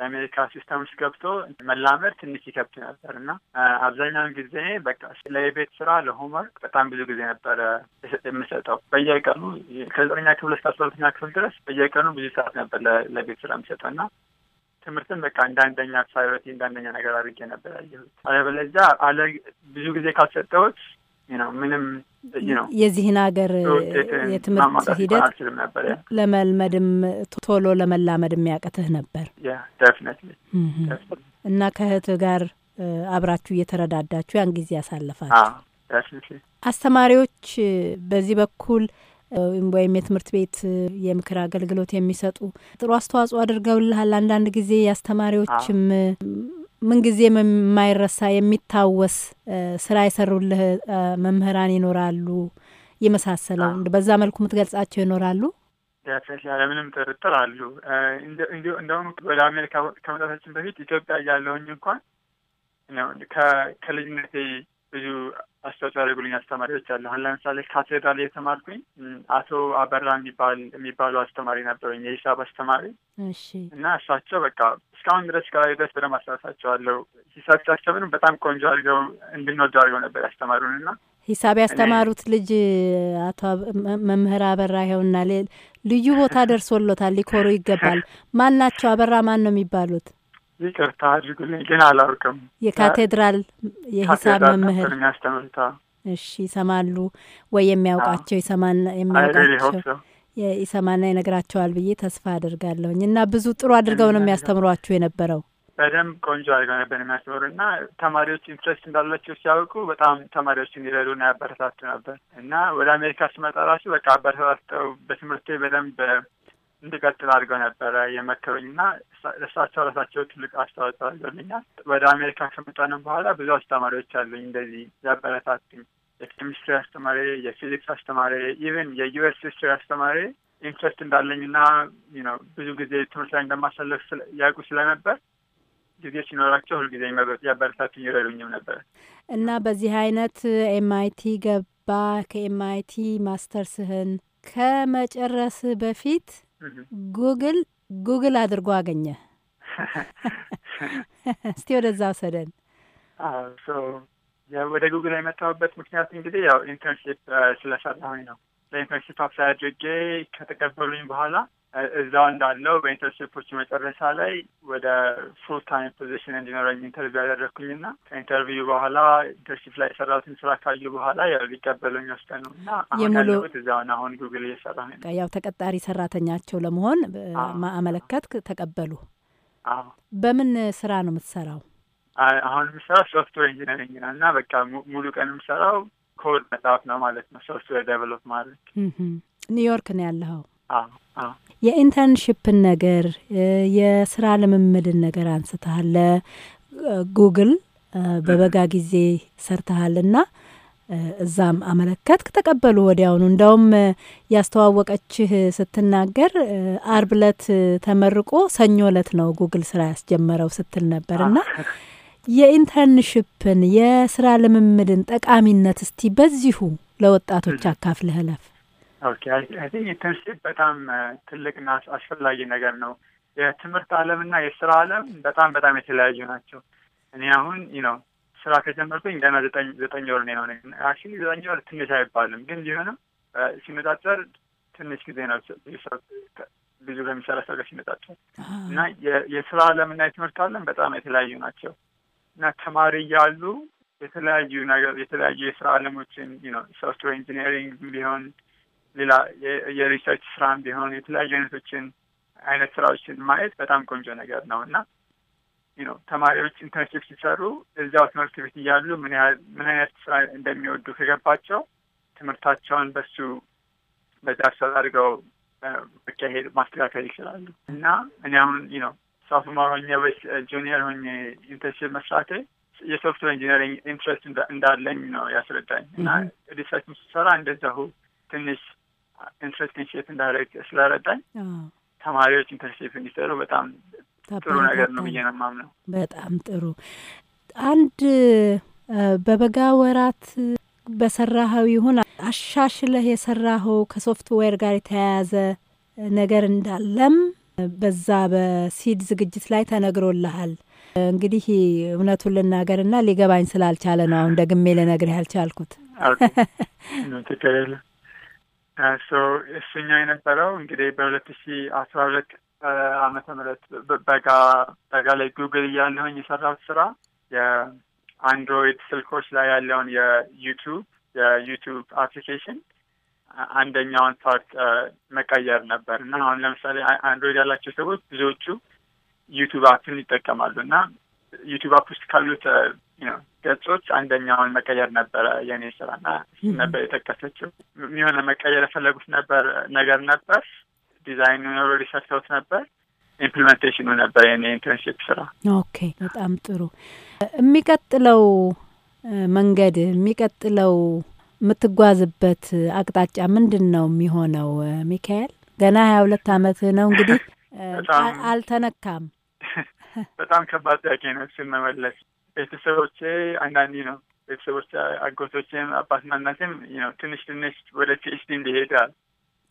ለአሜሪካ ሲስተም ውስጥ ገብቶ መላመድ ትንሽ ይከብድ ነበር እና አብዛኛውን ጊዜ በቃ ለቤት ስራ ለሆምወርክ በጣም ብዙ ጊዜ ነበረ የምሰጠው በየቀኑ ከዘጠነኛ ክፍል እስከ አስራ ሁለተኛ ክፍል ድረስ በየቀኑ ብዙ ሰዓት ነበር ለቤት ስራ የምሰጠው እና ትምህርትን በቃ እንደ አንደኛ ፕራዮሪቲ እንደ አንደኛ ነገር አድርጌ ነበር ያየሁት። አለበለዚያ አለ ብዙ ጊዜ ካልሰጠሁት ምንም የዚህን ሀገር የትምህርት ሂደት ለመልመድም ቶሎ ለመላመድም ያቅትህ ነበር እና ከእህትህ ጋር አብራችሁ እየተረዳዳችሁ ያን ጊዜ ያሳለፋችሁ። አስተማሪዎች በዚህ በኩል ወይም የትምህርት ቤት የምክር አገልግሎት የሚሰጡ ጥሩ አስተዋጽኦ አድርገውልሃል። አንዳንድ ጊዜ የአስተማሪዎችም ምንጊዜ የማይረሳ የሚታወስ ስራ የሰሩልህ መምህራን ይኖራሉ፣ የመሳሰለው በዛ መልኩ የምትገልጻቸው ይኖራሉ። ያለምንም ጥርጥር አሉ። እንደውም ወደ አሜሪካ ከመጣታችን በፊት ኢትዮጵያ እያለሁኝ እንኳን ከልጅነቴ ብዙ አስተዋጽኦ ያደረጉልኝ አስተማሪዎች አሉ። አሁን ለምሳሌ ካቴድራል የተማርኩኝ አቶ አበራ የሚባል የሚባሉ አስተማሪ ነበሩኝ፣ የሂሳብ አስተማሪ እና እሳቸው በቃ እስካሁን ድረስ ከላይ ድረስ በደንብ አስታውሳቸዋለሁ። ሂሳብ ሲያስተምሩን በጣም ቆንጆ አድርገው እንድንወደው አድርገው ነበር ያስተማሩን እና ሂሳብ ያስተማሩት ልጅ አቶ መምህር አበራ ይኸውና ልዩ ቦታ ደርሶሎታል፣ ሊኮሩ ይገባል። ማን ናቸው? አበራ ማን ነው የሚባሉት? ይቅርታ አድርጉልኝ ግን አላውቅም። የካቴድራል የሂሳብ መምህር የሚያስተምርታ እሺ፣ ይሰማሉ ወይ? የሚያውቃቸው የሚያውቃቸው ይሰማና ይነግራቸዋል ብዬ ተስፋ አድርጋለሁኝ። እና ብዙ ጥሩ አድርገው ነው የሚያስተምሯችሁ የነበረው። በደንብ ቆንጆ አድርገው ነበር የሚያስተምሩ እና ተማሪዎች ኢንትረስት እንዳላቸው ሲያውቁ በጣም ተማሪዎችን ይረዱና ያበረታቱ ነበር እና ወደ አሜሪካ ስመጣ ራሱ በቃ አበረታተው በትምህርቴ በደንብ እንድቀጥል አድርገው ነበረ የመከሩኝ እና እሳቸው ራሳቸው ትልቅ አስተዋጽኦ አድርገልኛል። ወደ አሜሪካ ከመጣንም በኋላ ብዙ አስተማሪዎች አሉኝ እንደዚህ ያበረታትኝ የኬሚስትሪ አስተማሪ፣ የፊዚክስ አስተማሪ፣ ኢቨን የዩኤስ ሂስትሪ አስተማሪ ኢንትረስት እንዳለኝና ነው ብዙ ጊዜ ትምህርት ላይ እንደማሳለፍ ያውቁ ስለነበር ጊዜ ሲኖራቸው ሁልጊዜ ያበረታቱኝ ይረዱኝም ነበር እና በዚህ አይነት ኤምአይቲ ገባ ከኤምአይቲ ማስተርስህን ከመጨረስህ በፊት ጉግል ጉግል አድርጎ አገኘ። እስቲ ወደዛ ውሰደን። ወደ ጉግል የመጣሁበት ምክንያት እንግዲህ ያው ኢንተርንሽፕ ስለሰራሁኝ ነው። ለኢንተርንሽፕ አፕላይ አድርጌ ከተቀበሉኝ በኋላ እዛው እንዳለው በኢንተርንሺፖች መጨረሻ ላይ ወደ ፉል ታይም ፖዚሽን እንዲኖረኝ ኢንተርቪው ያደረግኩኝና ከኢንተርቪው በኋላ ኢንተርንሽፕ ላይ የሰራሁትን ስራ ካዩ በኋላ ያው ሊቀበሉኝ ወስደን ነው እና አሁን ያለሁት እዛውን አሁን ጉግል እየሰራ ነው። ያው ተቀጣሪ ሰራተኛቸው ለመሆን አመለከት ተቀበሉ። በምን ስራ ነው የምትሰራው? አሁን የምሰራው ሶፍትዌር ኢንጂነሪንግ ነው እና በቃ ሙሉ ቀን የምሰራው ኮድ መጽሐፍ ነው ማለት ነው። ሶፍትዌር ዴቨሎፕ ማለት ኒውዮርክ ነው ያለኸው? የኢንተርንሽፕን ነገር የስራ ልምምድን ነገር አንስተሃል። ለጉግል በበጋ ጊዜ ሰርተሃልና እዛም አመለከትክ፣ ተቀበሉ ወዲያውኑ። እንዳውም ያስተዋወቀችህ ስትናገር አርብ ዕለት ተመርቆ ሰኞ ዕለት ነው ጉግል ስራ ያስጀመረው ስትል ነበርና የኢንተርንሽፕን የስራ ልምምድን ጠቃሚነት እስቲ በዚሁ ለወጣቶች አካፍልህ እለፍ። ኦኬ ኢንተርንሺፕ በጣም ትልቅና አስፈላጊ ነገር ነው። የትምህርት ዓለም እና የስራ ዓለም በጣም በጣም የተለያዩ ናቸው። እኔ አሁን ነው ስራ ከጀመርኩኝ ገና ዘጠኝ ዘጠኝ ወር ነው የሆነኝ። አክቹዋሊ ዘጠኝ ወር ትንሽ አይባልም፣ ግን ቢሆንም ሲነጻጸር ትንሽ ጊዜ ነው ብዙ ከሚሰራ ሰው ጋር ሲነጻጸር እና የስራ ዓለም እና የትምህርት ዓለም በጣም የተለያዩ ናቸው እና ተማሪ እያሉ የተለያዩ ነገር የተለያዩ የስራ ዓለሞችን ሶፍትዌር ኢንጂኒሪንግ ቢሆን ሌላ የሪሰርች ስራም ቢሆን የተለያዩ አይነቶችን አይነት ስራዎችን ማየት በጣም ቆንጆ ነገር ነው እና ነው ተማሪዎች ኢንተርንሽፕ ሲሰሩ እዚያው ትምህርት ቤት እያሉ ምን ያህል ምን አይነት ስራ እንደሚወዱ ከገባቸው ትምህርታቸውን በሱ በዛ ሰው አድርገው መካሄድ ማስተካከል ይችላሉ እና እኔ አሁን ነው ሶፎሞር ሆኜ ወይስ ጁኒየር ሆኜ ኢንተርንሽፕ መስራቴ የሶፍትዌር ኢንጂነሪንግ ኢንትረስት እንዳለኝ ነው ያስረዳኝ እና ሪሰርች ስሰራ እንደዛሁ ትንሽ ኢንትረስቲንግ እንዳደረግ ስለረዳኝ ተማሪዎች ኢንተርንሽፕ እንዲሰሩ በጣም ጥሩ ነገር ነው ብዬ ነው የማምነው። በጣም ጥሩ። አንድ በበጋ ወራት በሰራኸው ይሁን አሻሽለህ የሰራኸው ከሶፍትዌር ጋር የተያያዘ ነገር እንዳለም በዛ በሲድ ዝግጅት ላይ ተነግሮልሃል። እንግዲህ እውነቱን ልናገርና ሊገባኝ ስላልቻለ ነው አሁን ደግሜ ልነግርህ ያልቻልኩት። እሱኛው የነበረው እንግዲህ በሁለት ሺ አስራ ሁለት አመተ ምህረት በጋ በጋ ላይ ጉግል እያለሁኝ የሰራሁት ስራ የአንድሮይድ ስልኮች ላይ ያለውን የዩቱብ የዩቱብ አፕሊኬሽን አንደኛውን ፓርት መቀየር ነበር እና አሁን ለምሳሌ አንድሮይድ ያላቸው ሰዎች ብዙዎቹ ዩቱብ አፕን ይጠቀማሉ እና ዩቱብ አፕ ውስጥ ካሉት ገጾች አንደኛውን መቀየር ነበረ የእኔ ስራና ነበር የጠቀሰችው። የሚሆነ መቀየር የፈለጉት ነበር ነገር ነበር ዲዛይኑ ኖሮ ሪሰርተውት ነበር ኢምፕሊመንቴሽኑ ነበር የኔ ኢንተርንሽፕ ስራ። ኦኬ፣ በጣም ጥሩ። የሚቀጥለው መንገድ የሚቀጥለው የምትጓዝበት አቅጣጫ ምንድን ነው የሚሆነው? ሚካኤል ገና ሀያ ሁለት አመት ነው እንግዲህ አልተነካም። በጣም ከባድ ጥያቄ ነው እሱን ቤተሰቦቼ አንዳንዴ ነው ቤተሰቦች አጎቶችም አባትና እናትም ነው ትንሽ ትንሽ ወደ ፒኤችዲ እንዲሄዳል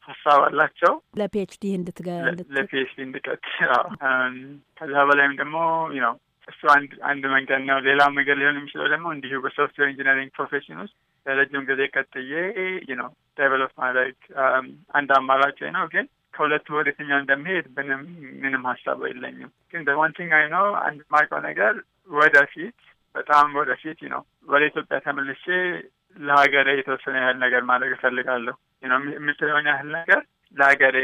ሀሳብ አላቸው። ለፒኤችዲ እንድትለፒኤችዲ እንድቀት ከዛ በላይም ደግሞ ነው እሱ አንድ አንድ መንገድ ነው። ሌላ መንገድ ሊሆን የሚችለው ደግሞ እንዲሁ በሶፍትዌር ኢንጂነሪንግ ፕሮፌሽን ውስጥ ለረጅም ጊዜ ቀጥዬ ነው ዴቨሎፕ ማድረግ አንድ አማራጭ ነው ግን ከሁለቱ ወደትኛው እንደሚሄድ ምንም ምንም ሀሳብ የለኝም። ግን በዋንቲንግ አይ ነው አንድ ማቀው ነገር ወደፊት በጣም ወደፊት ነው ወደ ኢትዮጵያ ተመልሼ ለሀገሬ የተወሰነ ያህል ነገር ማድረግ እፈልጋለሁ። የምትለውን ያህል ነገር ለሀገሬ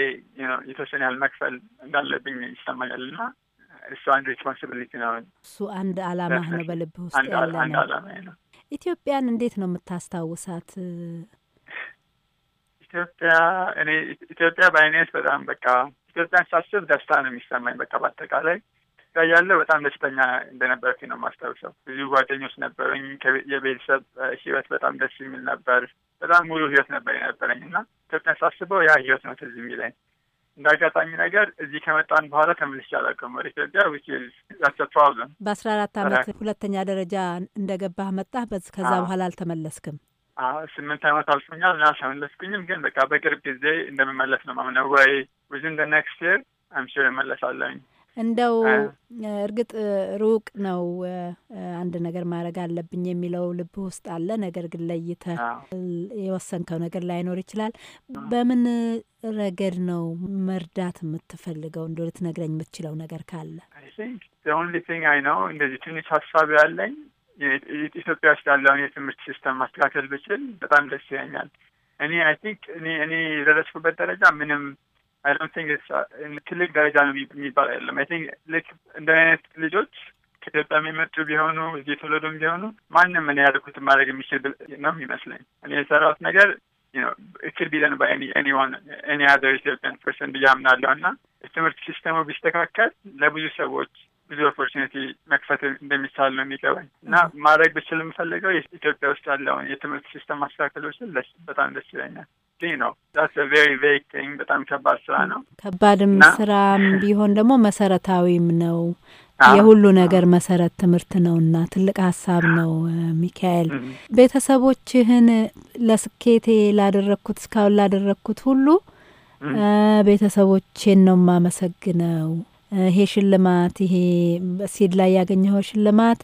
የተወሰነ ያህል መክፈል እንዳለብኝ ይሰማኛል እና እሱ አንድ ሪስፖንሲቢሊቲ ነው። እሱ አንድ አላማ ነው፣ በልብ ውስጥ ያለ አንድ አላማ ነው። ኢትዮጵያን እንዴት ነው የምታስታውሳት? ኢትዮጵያ እኔ ኢትዮጵያ በአይነት በጣም በቃ ኢትዮጵያን ሳስብ ደስታ ነው የሚሰማኝ። በቃ በአጠቃላይ ላይ ያለ በጣም ደስተኛ እንደነበርኩኝ ነው የማስታውሰው። ብዙ ጓደኞች ነበረኝ። የቤተሰብ ህይወት በጣም ደስ የሚል ነበር። በጣም ሙሉ ህይወት ነበር የነበረኝ እና ኢትዮጵያን ሳስበው ያ ህይወት ነው ትዝ የሚለኝ። እንደ አጋጣሚ ነገር እዚህ ከመጣን በኋላ ተመልሼ አላውቅም ወደ ኢትዮጵያ። በአስራ አራት አመት ሁለተኛ ደረጃ እንደገባህ መጣህ። ከዛ በኋላ አልተመለስክም? ስምንት አመት አልፎኛል እና አልተመለስኩኝም። ግን በቃ በቅርብ ጊዜ እንደምመለስ ነው ማምነው ወይ ዊዝን ደ ኔክስት ይር አም ሹር እመለሳለሁኝ። እንደው እርግጥ ሩቅ ነው፣ አንድ ነገር ማድረግ አለብኝ የሚለው ልብ ውስጥ አለ። ነገር ግን ለይተ የወሰንከው ነገር ላይኖር ይችላል። በምን ረገድ ነው መርዳት የምትፈልገው? እንደ ልትነግረኝ የምትችለው ነገር ካለ። እንደዚህ ትንሽ ሀሳብ ያለኝ ኢትዮጵያ ውስጥ ያለውን የትምህርት ሲስተም ማስተካከል ብችል በጣም ደስ ይለኛል። እኔ አይ ቲንክ እኔ እኔ የደረስኩበት ደረጃ ምንም አይ ዶንት ቲንክ ትልቅ ደረጃ ነው የሚባል አይደለም። አይ ቲንክ ልክ እንደ አይነት ልጆች ከኢትዮጵያ የሚመጡ ቢሆኑ እዚህ የተወለዱም ቢሆኑ ማንም እኔ ያደርጉትን ማድረግ የሚችል ነው የሚመስለኝ። እኔ የሰራሁት ነገር እክል ቢለን በኤኒዋን ኤኒ አዘር ኢትዮጵያን ፐርሰን ብዬ አምናለሁ እና ትምህርት ሲስተሙ ቢስተካከል ለብዙ ሰዎች ብዙ ኦፖርቹኒቲ መክፈት እንደሚቻል ነው የሚገባኝ እና ማድረግ ብችል የምፈልገው ኢትዮጵያ ውስጥ ያለውን የትምህርት ሲስተም ማስተካከል ብችል በጣም ደስ ይለኛል። you ነው። that's ቬሪ very በጣም ከባድ ስራ ነው። ከባድም ስራም ቢሆን ደግሞ መሰረታዊም ነው። የሁሉ ነገር መሰረት ትምህርት ነውና ትልቅ ሀሳብ ነው። ሚካኤል ቤተሰቦችህን ለስኬቴ ላደረግኩት እስካሁን ላደረግኩት ሁሉ ቤተሰቦቼን ነው የማመሰግነው። ይሄ ሽልማት ይሄ ሲድ ላይ ያገኘኸው ሽልማት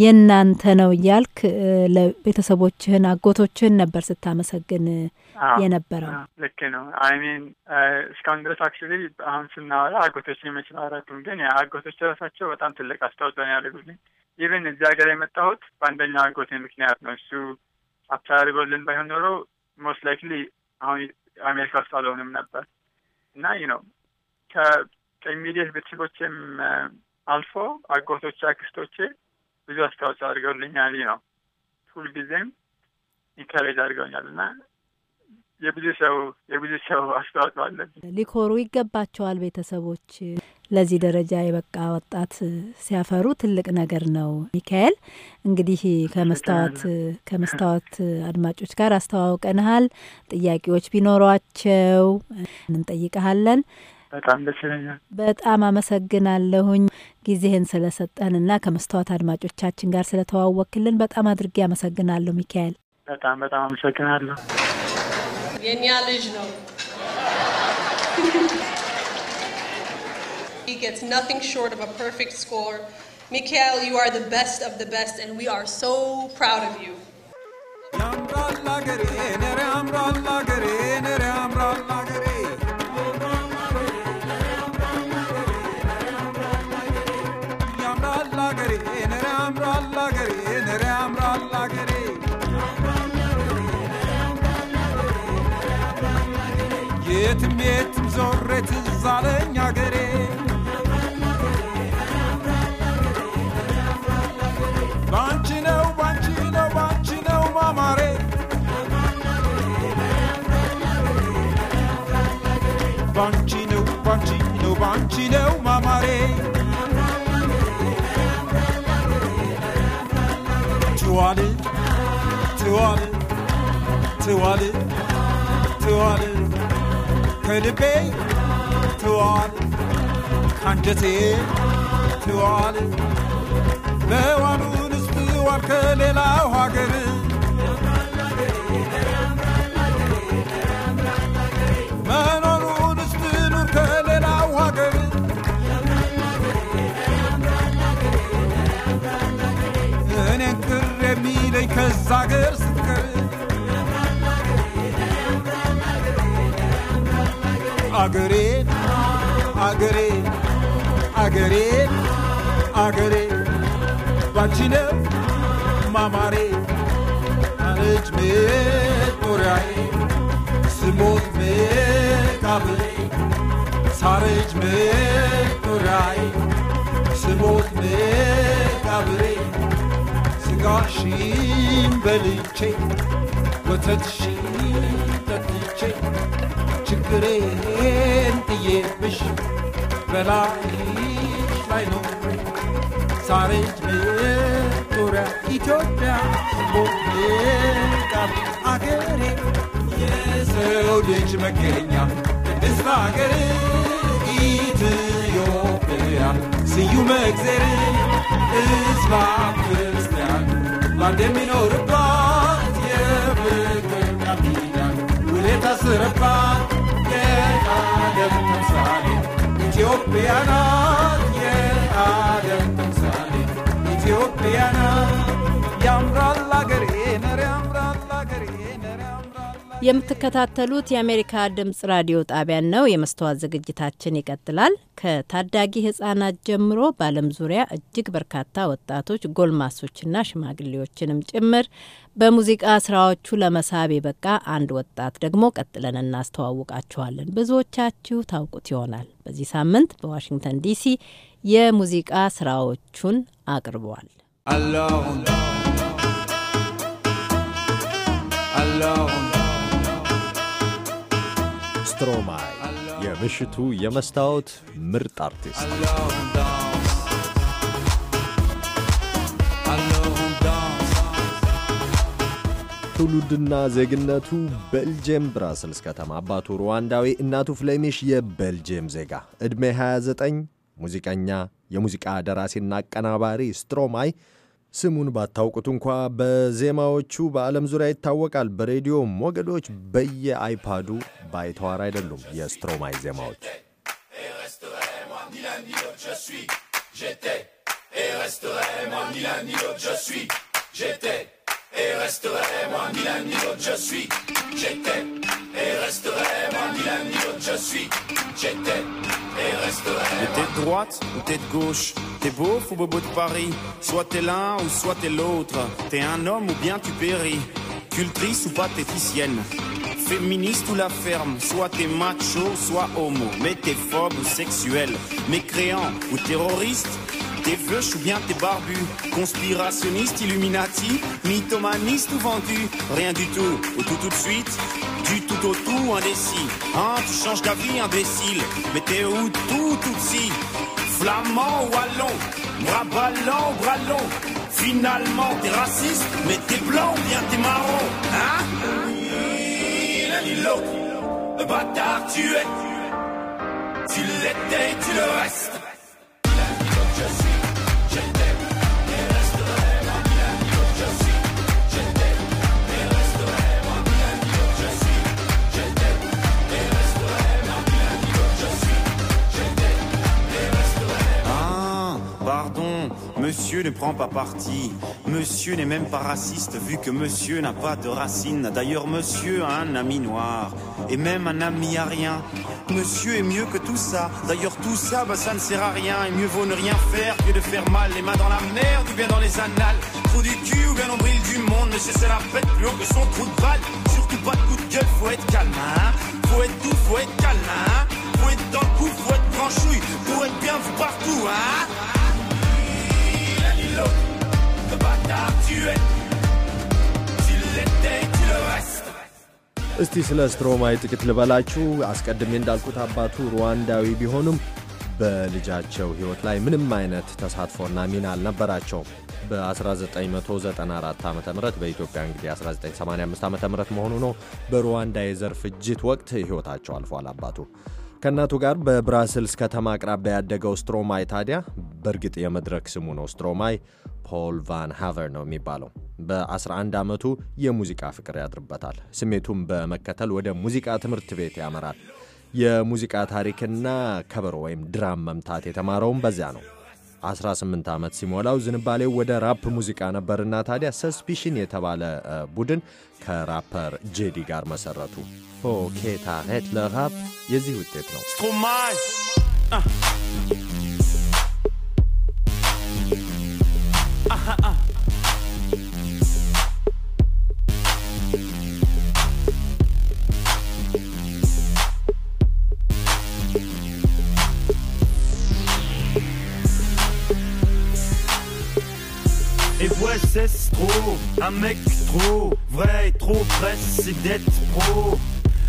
የእናንተ ነው እያልክ ለቤተሰቦችህን አጎቶችህን ነበር ስታመሰግን የነበረው። ልክ ነው። አይሚን እስካሁን ድረስ አክቹዋሊ አሁን ስናወራ አጎቶች የመችል አራቱም ግን አጎቶች ራሳቸው በጣም ትልቅ አስተዋጽኦ ነው ያደርጉልኝ። ኢቨን እዚህ ሀገር የመጣሁት በአንደኛው አጎቴ ምክንያት ነው። እሱ አብሳሪጎልን ባይሆን ኖሮ ሞስት ላይክሊ አሁን አሜሪካ ውስጥ አልሆንም ነበር እና ይህ ነው ከኢሚዲየት ቤተሰቦችም አልፎ አጎቶቼ፣ አክስቶቼ ብዙ አስተዋጽኦ አድርገውልኛል ነው ሁልጊዜም ኢንካሬጅ አድርገውኛል እና የብዙ ሰው የብዙ ሰው አስተዋጽኦ አለብኝ። ሊኮሩ ይገባቸዋል ቤተሰቦች። ለዚህ ደረጃ የበቃ ወጣት ሲያፈሩ ትልቅ ነገር ነው። ሚካኤል እንግዲህ ከመስታወት ከመስታወት አድማጮች ጋር አስተዋውቀንሃል። ጥያቄዎች ቢኖሯቸው እንጠይቀሃለን። በጣም ደስ ይለኛል። በጣም አመሰግናለሁኝ ጊዜህን ስለሰጠንና ከመስተዋት አድማጮቻችን ጋር ስለተዋወክልን በጣም አድርጌ አመሰግናለሁ ሚካኤል። በጣም በጣም አመሰግናለሁ። የእኛ ልጅ ነው። He gets nothing short of a perfect score. Mikhail, you are the best of the best, and we are so proud of you. የትም ዞሬ ትዝ አለኝ አገሬ ባንቺ ነው ባንቺ ነው ባንቺ ነው ማማሬ ባንቺ ነው ባንቺ ነው ባንቺ ነው ማማሬ ትዋል ትዋል ትዋል ትዋል ከልቤ ትዋል ካንጀቴ ትዋል በዋኑን ስትዋል ዋል ሀገር ከሌላው ሀገር እኔን ከዛ I get it, I get it, I get it, I get it. But you know, my body, and it's me for right. Smooth me, kabli, sarıç me for right. Smooth me, kabli, what's beliçi, she? grin ti jibbix Vela iċ la jnum Sarit mi tura i ġoġa Bukinka mi agri Jese u diċ me kenja Disla agri i ti jopera Si ju me gzeri Isla kristian La de mi nore plat Jebe kenja mi Ta sera parte የዓለም ተምሳሌ የዓለም ተምሳሌ ያምራል የምትከታተሉት የአሜሪካ ድምጽ ራዲዮ ጣቢያን ነው። የመስተዋት ዝግጅታችን ይቀጥላል። ከታዳጊ ህጻናት ጀምሮ በዓለም ዙሪያ እጅግ በርካታ ወጣቶች፣ ጎልማሶችና ሽማግሌዎችንም ጭምር በሙዚቃ ስራዎቹ ለመሳብ የበቃ አንድ ወጣት ደግሞ ቀጥለን እናስተዋውቃችኋለን። ብዙዎቻችሁ ታውቁት ይሆናል። በዚህ ሳምንት በዋሽንግተን ዲሲ የሙዚቃ ስራዎቹን አቅርበዋል። ስትሮማይ የምሽቱ የመስታወት ምርጥ አርቲስት ትውልድና ዜግነቱ ቤልጅየም ብራስልስ ከተማ፣ አባቱ ሩዋንዳዊ፣ እናቱ ፍሌሚሽ የቤልጅየም ዜጋ፣ ዕድሜ 29፣ ሙዚቀኛ፣ የሙዚቃ ደራሲና አቀናባሪ ስትሮማይ ስሙን ባታውቁት እንኳ በዜማዎቹ በዓለም ዙሪያ ይታወቃል። በሬዲዮ ሞገዶች በየአይፓዱ ባይተዋር አይደሉም የስትሮማይ ዜማዎች። J'étais et resterai moi je suis j'étais et resterai moi ni l'un ni l'autre je suis j'étais et resterai moi ni l'un ni l'autre je suis j'étais et resterai mais t'es droite ou t'es de gauche t'es beau ou bobo de Paris soit t'es l'un ou soit t'es l'autre t'es un homme ou bien tu péris cultrice ou pathéticienne féministe ou la ferme, soit t'es macho, soit homo, mais t'es phobe ou sexuel, mécréant ou terroriste, T'es flush ou bien t'es barbu Conspirationniste, illuminati, mythomaniste ou vendu Rien du tout, au tout tout de suite Du tout au tout indécis Hein, tu changes d'avis imbécile Mais t'es où tout tout si Flamand ou allon, Bras ballant ou bras long Finalement t'es raciste Mais t'es blanc ou bien t'es marron Hein l'autre Le bâtard tu es Tu l'étais, tu le restes Monsieur ne prend pas parti. Monsieur n'est même pas raciste vu que monsieur n'a pas de racines. D'ailleurs, monsieur a un ami noir et même un ami à rien. Monsieur est mieux que tout ça. D'ailleurs, tout ça, bah, ça ne sert à rien. Et mieux vaut ne rien faire que de faire mal. Les mains dans la merde ou bien dans les annales. Trou du cul ou bien l'ombril du monde. Monsieur, c'est la fête plus haut que son trou de balle. Surtout pas de coup de gueule, faut être calme, hein. Faut être doux, faut être calme, hein. Faut être dans le coup, faut être branchouille. Faut être bien, vous partout, hein. እስቲ ስለ ስትሮማይ ጥቂት ልበላችሁ። አስቀድሜ እንዳልኩት አባቱ ሩዋንዳዊ ቢሆኑም በልጃቸው ሕይወት ላይ ምንም አይነት ተሳትፎና ሚና አልነበራቸውም። በ1994 ዓ ም በኢትዮጵያ እንግዲህ 1985 ዓ ም መሆኑ ነው። በሩዋንዳ የዘር ፍጅት ወቅት ሕይወታቸው አልፏል አባቱ ከእናቱ ጋር በብራስልስ ከተማ አቅራቢያ ያደገው ስትሮማይ ታዲያ በእርግጥ የመድረክ ስሙ ነው። ስትሮማይ ፖል ቫን ሃቨር ነው የሚባለው። በ11 ዓመቱ የሙዚቃ ፍቅር ያድርበታል። ስሜቱን በመከተል ወደ ሙዚቃ ትምህርት ቤት ያመራል። የሙዚቃ ታሪክና ከበሮ ወይም ድራም መምታት የተማረውም በዚያ ነው። 18 ዓመት ሲሞላው ዝንባሌው ወደ ራፕ ሙዚቃ ነበርና ታዲያ ሰስፒሽን የተባለ ቡድን ከራፐር ጄዲ ጋር መሰረቱ። ኦኬ ታሬት ለራፕ የዚህ ውጤት ነው። Un mec trop vrai, trop presse, c'est d'être pro.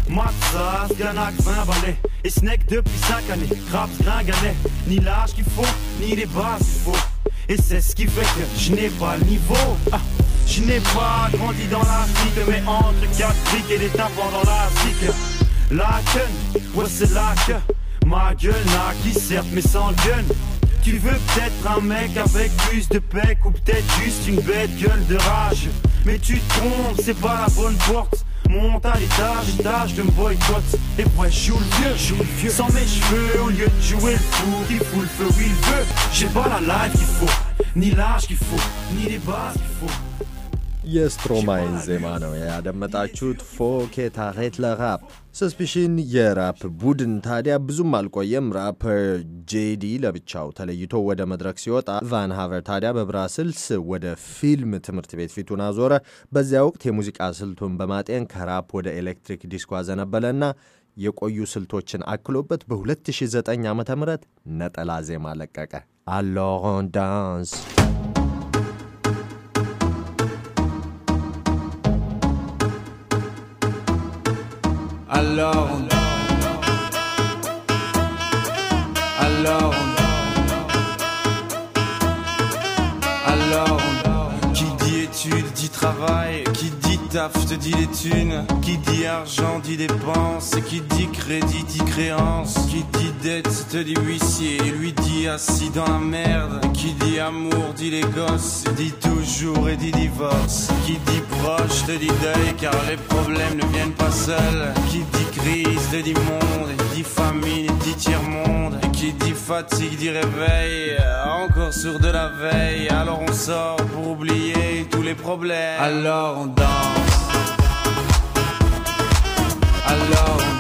Matza, Ganak, 20 balais. Et Snake depuis 5 années. Raps, gringalet, Ni l'âge qu'il faut, ni les bases qu'il faut. Et c'est ce qui fait que je n'ai pas le niveau. Ah. Je n'ai pas grandi dans la cible, mais entre quatre briques et les tapants dans la cible. La gueule, ouais c'est la gueule. Ma gueule n'a qui certes, mais sans gueule. Tu veux peut-être un mec avec plus de pec ou peut-être juste une bête gueule de rage. Mais tu te trompes, c'est pas la bonne porte. Monte à l'étage, l'étage de me boycott. Et ouais, je joue le vieux, joue le vieux. Sans mes cheveux, au lieu de jouer le fou, qui fout le feu où il veut. J'ai pas la life qu'il faut, ni l'âge qu'il faut, ni les bases qu'il faut. የስትሮማይን ዜማ ነው ያደመጣችሁት። ፎኬታ ሬት ለራፕ ሰስፒሽን የራፕ ቡድን ታዲያ ብዙም አልቆየም። ራፐር ጄዲ ለብቻው ተለይቶ ወደ መድረክ ሲወጣ ቫን ሃቨር ታዲያ በብራስልስ ወደ ፊልም ትምህርት ቤት ፊቱን አዞረ። በዚያ ወቅት የሙዚቃ ስልቱን በማጤን ከራፕ ወደ ኤሌክትሪክ ዲስኮ አዘነበለና የቆዩ ስልቶችን አክሎበት በ2009 ዓ ም ነጠላ ዜማ ለቀቀ። አሎን ዳንስ Alors on... Alors on... Alors Qui dit études dit travail, qui taf, te dit les thunes. Qui dit argent dit dépense. qui dit crédit dit créance. Qui dit dette te dit huissier. lui dit assis dans la merde. qui dit amour dit les gosses. dit toujours et dit divorce. Qui dit proche te dit deuil car les problèmes ne viennent pas seuls. Qui dit crise te dit monde. Et dit famine dit tiers-monde. Et qui dit fatigue dit réveil. Encore sur de la veille. Alors on sort pour oublier tous les problèmes. Alors on danse. Alors on danse.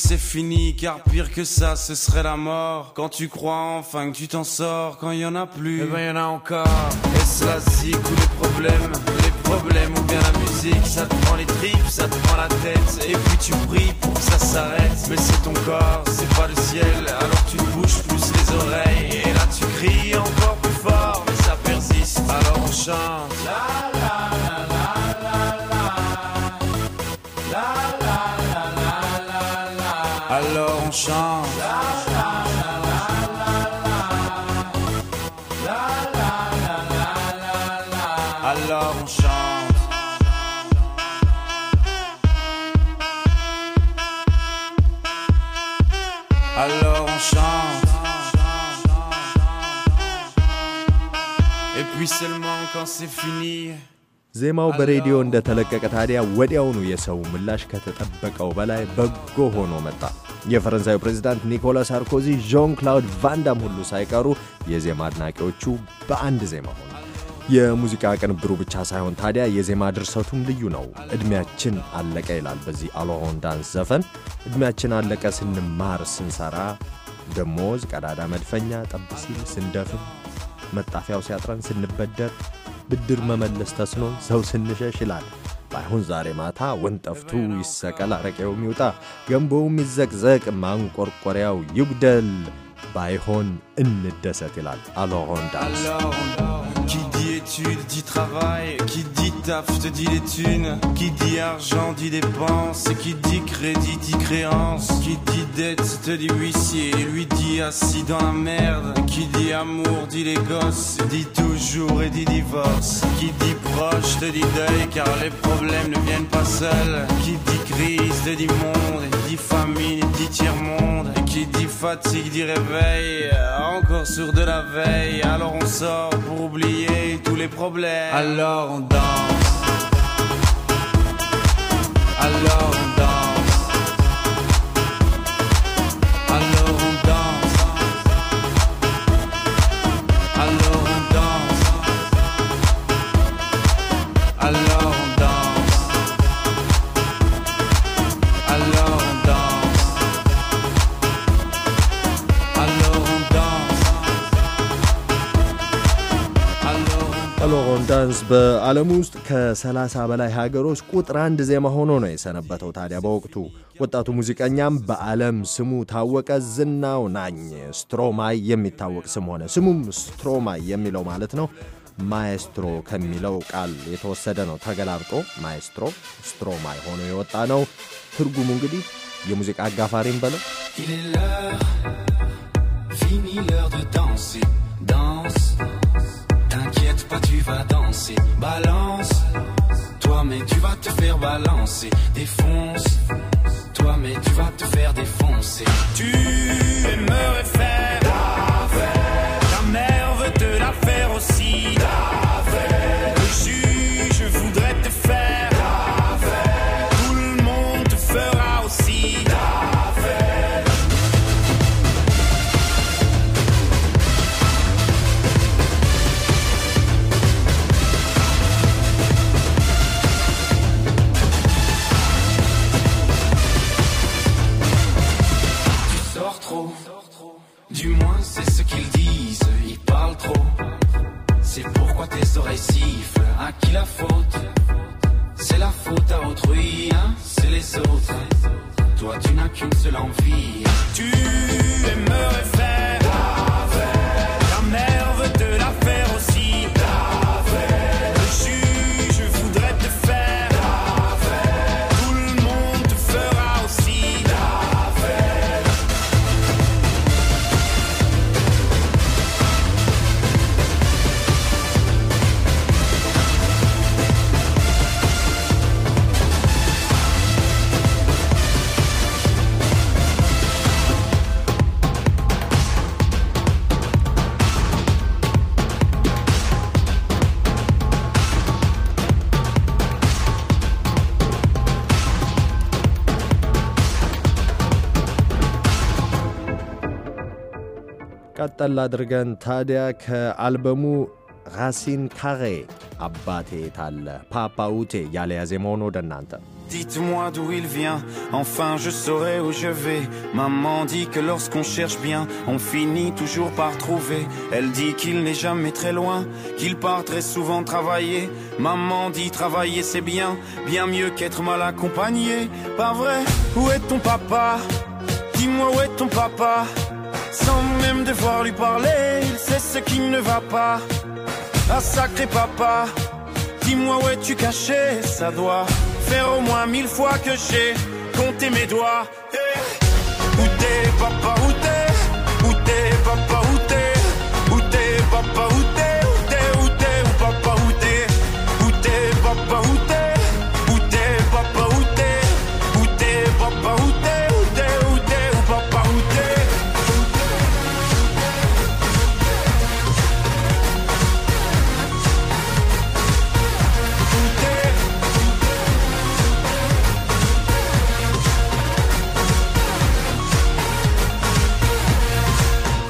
c'est fini, car pire que ça, ce serait la mort. Quand tu crois enfin que tu t'en sors, quand y en a plus, eh ben y en a encore. Et ce la zik ou les problèmes Les problèmes ou bien la musique Ça te prend les tripes, ça te prend la tête, et puis tu pries pour que ça s'arrête. Mais c'est ton corps, c'est pas le ciel, alors tu bouges plus les oreilles, et là tu cries encore plus fort, mais ça persiste. Alors on chante. on chante. Alors on chante. Alors on chante. Et puis seulement quand c'est fini. ዜማው በሬዲዮ እንደተለቀቀ ታዲያ ወዲያውኑ የሰው ምላሽ ከተጠበቀው በላይ በጎ ሆኖ መጣ። የፈረንሳዩ ፕሬዚዳንት ኒኮላስ ሳርኮዚ፣ ዣን ክላውድ ቫንዳም ሁሉ ሳይቀሩ የዜማ አድናቂዎቹ በአንድ ዜማ ሆኑ። የሙዚቃ ቅንብሩ ብቻ ሳይሆን ታዲያ የዜማ ድርሰቱም ልዩ ነው። እድሜያችን አለቀ ይላል በዚህ አሎሆን ዳንስ ዘፈን። እድሜያችን አለቀ ስንማር፣ ስንሰራ፣ ደሞዝ ቀዳዳ መድፈኛ ጠብ ሲል፣ ስንደፍን፣ መጣፊያው ሲያጥረን፣ ስንበደር፣ ብድር መመለስ ተስኖን፣ ሰው ስንሸሽ ይላል። ባይሆን ዛሬ ማታ ወንጠፍቱ ይሰቀል፣ አረቄው ይውጣ፣ ገንቦውም ይዘቅዘቅ፣ ማንቆርቆሪያው ይጉደል፣ ባይሆን እንደሰት ይላል አሎሆን ዳንስ። Qui dit travail, qui dit taf te dit les thunes, qui dit argent dit dépenses, qui dit crédit dit créance, qui dit dette te dit huissier, lui dit assis dans la merde, qui dit amour dit les gosses, dit toujours et dit divorce, qui dit proche te dit deuil car les problèmes ne viennent pas seuls, qui dit crise te dit monde, dit famine dit tiers monde. Qui dit fatigue dit réveil, euh, encore sur de la veille. Alors on sort pour oublier tous les problèmes. Alors on danse. Alors on danse. በዓለም ውስጥ ከ30 በላይ ሀገሮች ቁጥር አንድ ዜማ ሆኖ ነው የሰነበተው። ታዲያ በወቅቱ ወጣቱ ሙዚቀኛም በዓለም ስሙ ታወቀ። ዝናው ናኝ ስትሮማይ የሚታወቅ ስም ሆነ። ስሙም ስትሮማይ የሚለው ማለት ነው ማኤስትሮ ከሚለው ቃል የተወሰደ ነው። ተገላብጦ ማኤስትሮ ስትሮማይ ሆኖ የወጣ ነው። ትርጉሙ እንግዲህ የሙዚቃ አጋፋሪም በለው tu vas danser. Balance, toi mais tu vas te faire balancer. Défonce, toi mais tu vas te faire défoncer. Tu aimerais faire. à qui la faute C'est la faute à autrui, hein c'est les autres. Toi, tu n'as qu'une seule envie. Tu aimerais faire la Ta mère veut te la faire aussi. Dites-moi d'où il vient, enfin je saurai où je vais. Maman dit que lorsqu'on cherche bien, on finit toujours par trouver. Elle dit qu'il n'est jamais très loin, qu'il part très souvent travailler. Maman dit travailler c'est bien, bien mieux qu'être mal accompagné. Pas vrai Où est ton papa Dis-moi où est ton papa sans même devoir lui parler, il sait ce qui ne va pas. Ah sacré papa, dis-moi où es-tu caché Ça doit faire au moins mille fois que j'ai compté mes doigts. Eh, où t'es papa, où t'es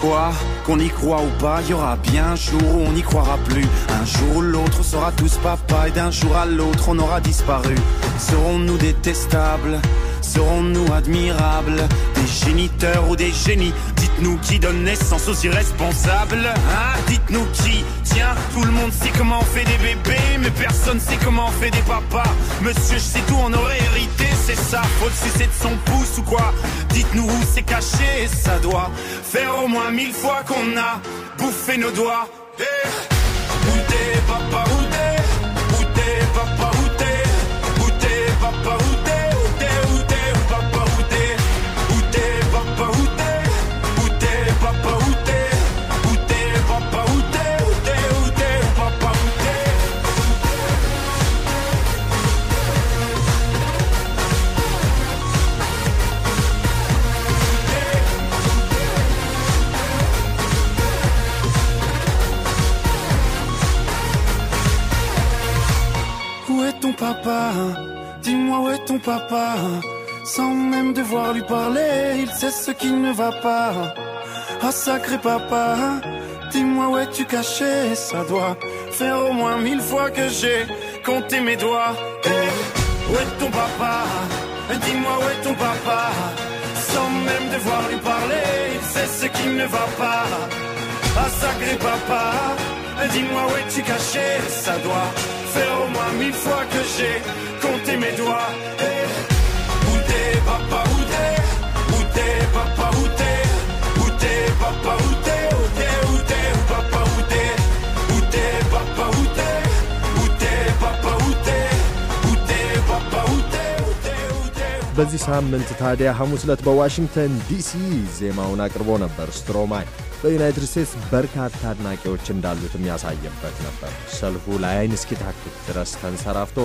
Quoi Qu'on y croit ou pas, y aura bien un jour où on n'y croira plus. Un jour ou l'autre, sera tous papa et d'un jour à l'autre, on aura disparu. Serons-nous détestables serons-nous admirables Des géniteurs ou des génies Dites-nous qui donne naissance aux irresponsables Hein Dites-nous qui Tiens, tout le monde sait comment on fait des bébés Mais personne sait comment on fait des papas Monsieur, je sais tout, on aurait hérité, c'est ça Faut le c'est de son pouce ou quoi Dites-nous où c'est caché ça doit Faire au moins mille fois qu'on a Bouffé nos doigts eh, ou des papas. ton papa hein. Dis-moi où est ton papa hein. Sans même devoir lui parler, il sait ce qui ne va pas. Ah sacré papa, hein. dis-moi où es-tu caché Ça doit faire au moins mille fois que j'ai compté mes doigts. Eh, où est ton papa Dis-moi où est ton papa Sans même devoir lui parler, il sait ce qui ne va pas. Ah sacré papa, dis-moi où es-tu caché Ça doit Fais au moins mille fois que j'ai compté mes doigts. Hey. Eh, où t'es, papa, où t'es Où t'es, papa, où t'es Où t'es, papa, où በዚህ ሳምንት ታዲያ ሐሙስ ዕለት በዋሽንግተን ዲሲ ዜማውን አቅርቦ ነበር። ስትሮማይ በዩናይትድ ስቴትስ በርካታ አድናቂዎች እንዳሉትም ያሳየበት ነበር። ሰልፉ ለዓይን እስኪታክት ድረስ ተንሰራፍቶ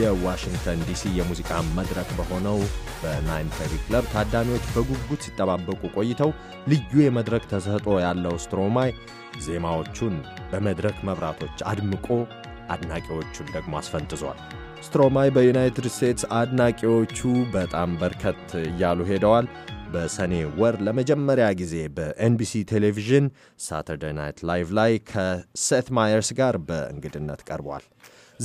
የዋሽንግተን ዲሲ የሙዚቃ መድረክ በሆነው በናይን ክለብ ታዳሚዎች በጉጉት ሲጠባበቁ ቆይተው ልዩ የመድረክ ተሰጦ ያለው ስትሮማይ ዜማዎቹን በመድረክ መብራቶች አድምቆ አድናቂዎቹን ደግሞ አስፈንጥዟል። ስትሮማይ በዩናይትድ ስቴትስ አድናቂዎቹ በጣም በርከት እያሉ ሄደዋል። በሰኔ ወር ለመጀመሪያ ጊዜ በኤንቢሲ ቴሌቪዥን ሳተርዳይ ናይት ላይቭ ላይ ከሴት ማየርስ ጋር በእንግድነት ቀርቧል።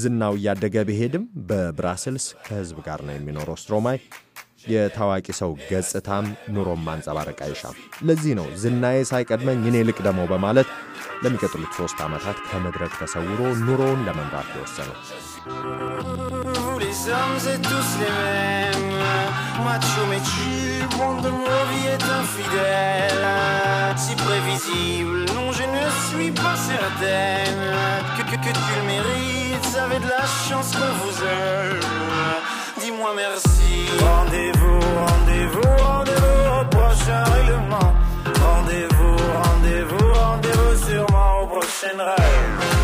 ዝናው እያደገ ቢሄድም በብራስልስ ከህዝብ ጋር ነው የሚኖረው። ስትሮማይ የታዋቂ ሰው ገጽታም ኑሮም ማንጸባረቅ አይሻም። ለዚህ ነው ዝናዬ ሳይቀድመኝ እኔ ደሞ በማለት ለሚቀጥሉት ሦስት ዓመታት ከመድረክ ተሰውሮ ኑሮውን ለመምራት የወሰነው። Vous les hommes et tous les mêmes Macho mais tu, ma vie est infidèle Si prévisible, non je ne suis pas certaine Que, que, que tu le mérites, avez de la chance que vous aime Dis-moi merci Rendez-vous, rendez-vous, rendez-vous au prochain règlement Rendez-vous, rendez-vous, rendez-vous sûrement au prochain rêve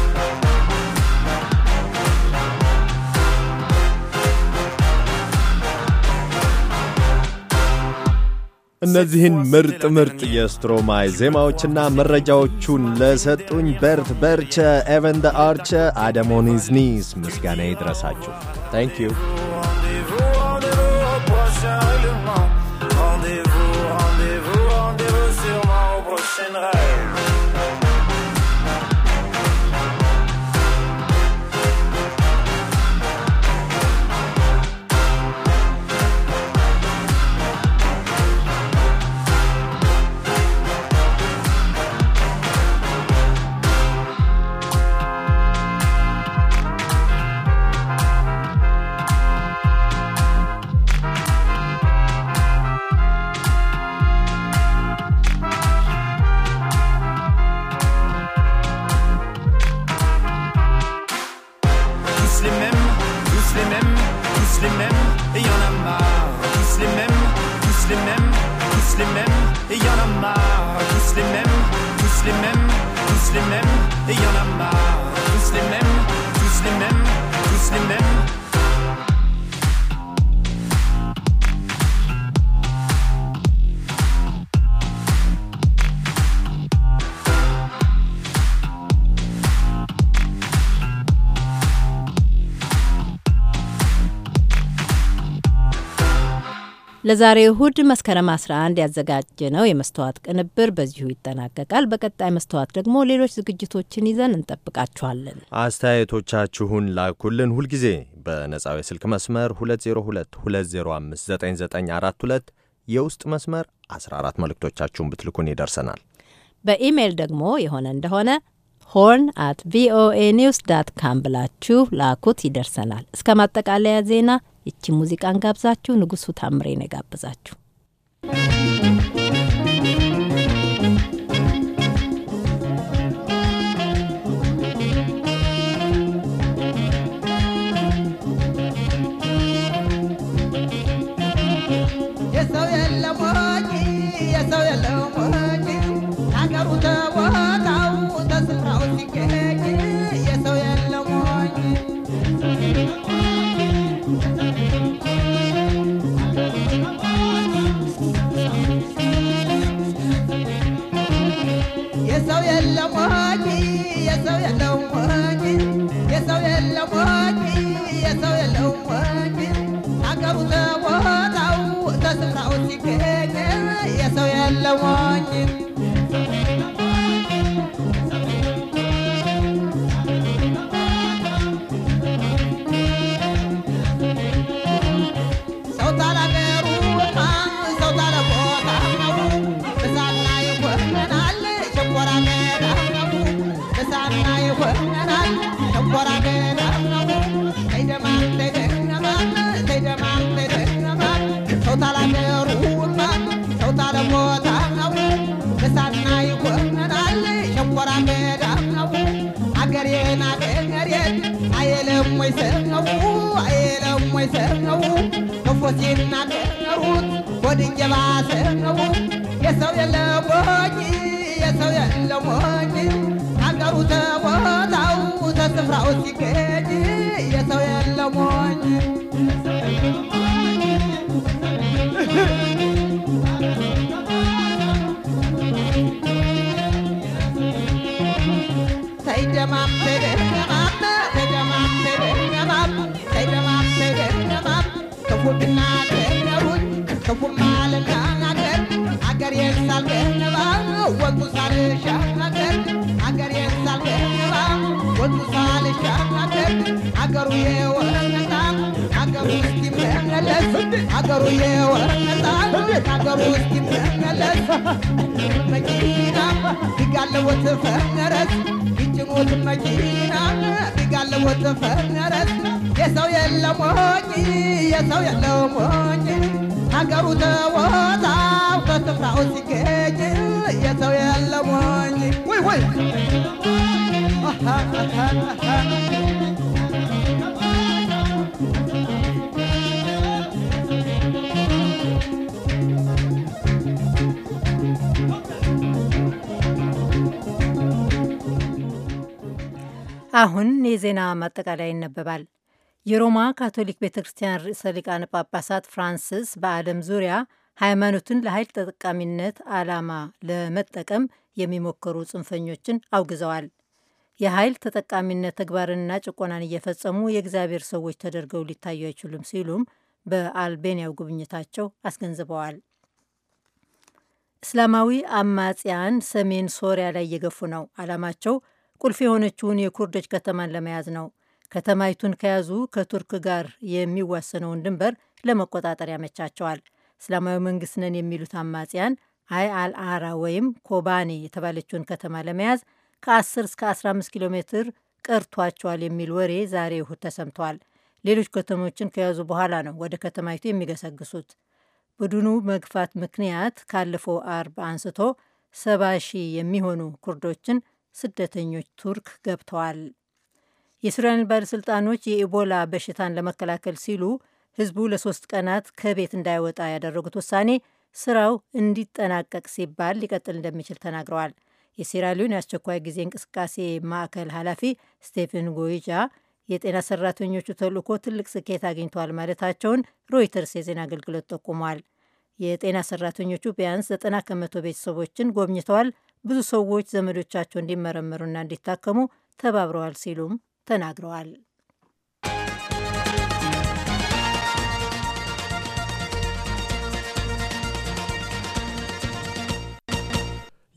እነዚህን ምርጥ ምርጥ የስትሮማይ ዜማዎችና መረጃዎቹን ለሰጡኝ በርት በርቸ፣ ኤቨን ደ አርቸ፣ አደሞኒዝኒስ ምስጋና ይድረሳችሁ። ታንክ ዩ ለዛሬ እሁድ መስከረም 11 ነው የመስተዋት ቅንብር በዚሁ ይጠናቀቃል። በቀጣይ መስተዋት ደግሞ ሌሎች ዝግጅቶችን ይዘን እንጠብቃችኋለን። አስተያየቶቻችሁን ላኩልን። ሁልጊዜ በነጻው የስልክ መስመር 2022059942 የውስጥ መስመር 14 መልእክቶቻችሁን ብትልኩን ይደርሰናል። በኢሜይል ደግሞ የሆነ እንደሆነ ሆርን አት ቪኦኤ ኒውስ ዳት ካም ብላችሁ ላኩት፣ ይደርሰናል። እስከ ማጠቃለያ ዜና ይቺ ሙዚቃን ጋብዛችሁ ንጉሱ ታምሬ ነው ወጡ ሳልሻገር አገሬን ሳልገባ ወጡ ሳልሻገር አገሩ የወረታ አገሩ እስኪመለስ አገሩ የወረታ አገሩ እስኪመለስ መኪና ሊጋለወት ፈነረስ የሰው የለሞኝ የሰው ከሀገሩ ተወጣው ከስፍራው ሲገኝ የሰው የለም ወይ ወይ አሁን የዜና ማጠቃለያ ይነበባል። የሮማ ካቶሊክ ቤተ ክርስቲያን ርዕሰ ሊቃነ ጳጳሳት ፍራንስስ በዓለም ዙሪያ ሃይማኖትን ለኃይል ተጠቃሚነት ዓላማ ለመጠቀም የሚሞከሩ ጽንፈኞችን አውግዘዋል። የኃይል ተጠቃሚነት ተግባርንና ጭቆናን እየፈጸሙ የእግዚአብሔር ሰዎች ተደርገው ሊታዩ አይችሉም ሲሉም በአልቤንያው ጉብኝታቸው አስገንዝበዋል። እስላማዊ አማጽያን ሰሜን ሶሪያ ላይ እየገፉ ነው። ዓላማቸው ቁልፍ የሆነችውን የኩርዶች ከተማን ለመያዝ ነው። ከተማይቱን ከያዙ ከቱርክ ጋር የሚዋሰነውን ድንበር ለመቆጣጠር ያመቻቸዋል። እስላማዊ መንግስት ነን የሚሉት አማጽያን አይ አልአራ ወይም ኮባኔ የተባለችውን ከተማ ለመያዝ ከ10 እስከ 15 ኪሎ ሜትር ቀርቷቸዋል የሚል ወሬ ዛሬ እሁድ ተሰምተዋል። ሌሎች ከተሞችን ከያዙ በኋላ ነው ወደ ከተማይቱ የሚገሰግሱት። ቡድኑ መግፋት ምክንያት ካለፈው አርብ አንስቶ ሰባ ሺህ የሚሆኑ ኩርዶችን ስደተኞች ቱርክ ገብተዋል። የሱዳን ባለሥልጣኖች የኢቦላ በሽታን ለመከላከል ሲሉ ህዝቡ ለሶስት ቀናት ከቤት እንዳይወጣ ያደረጉት ውሳኔ ስራው እንዲጠናቀቅ ሲባል ሊቀጥል እንደሚችል ተናግረዋል። የሴራሊዮን የአስቸኳይ ጊዜ እንቅስቃሴ ማዕከል ኃላፊ ስቴፍን ጎይጃ የጤና ሰራተኞቹ ተልእኮ ትልቅ ስኬት አግኝተዋል ማለታቸውን ሮይተርስ የዜና አገልግሎት ጠቁሟል። የጤና ሰራተኞቹ ቢያንስ ዘጠና ከመቶ ቤተሰቦችን ጎብኝተዋል፣ ብዙ ሰዎች ዘመዶቻቸው እንዲመረመሩና እንዲታከሙ ተባብረዋል ሲሉም ተናግረዋል።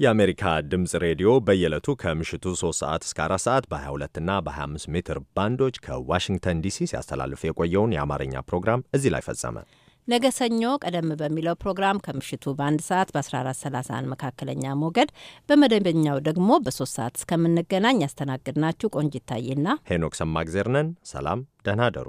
የአሜሪካ ድምፅ ሬዲዮ በየዕለቱ ከምሽቱ 3 ሰዓት እስከ 4 ሰዓት በ22 እና በ25 ሜትር ባንዶች ከዋሽንግተን ዲሲ ሲያስተላልፍ የቆየውን የአማርኛ ፕሮግራም እዚህ ላይ ፈጸመ። ነገ ሰኞ ቀደም በሚለው ፕሮግራም ከምሽቱ በአንድ ሰዓት በ1431 መካከለኛ ሞገድ በመደበኛው ደግሞ በሶስት ሰዓት እስከምንገናኝ ያስተናግድናችሁ ቆንጅ ታዬና ሄኖክ ሰማግዜርነን ሰላም፣ ደህና ደሩ።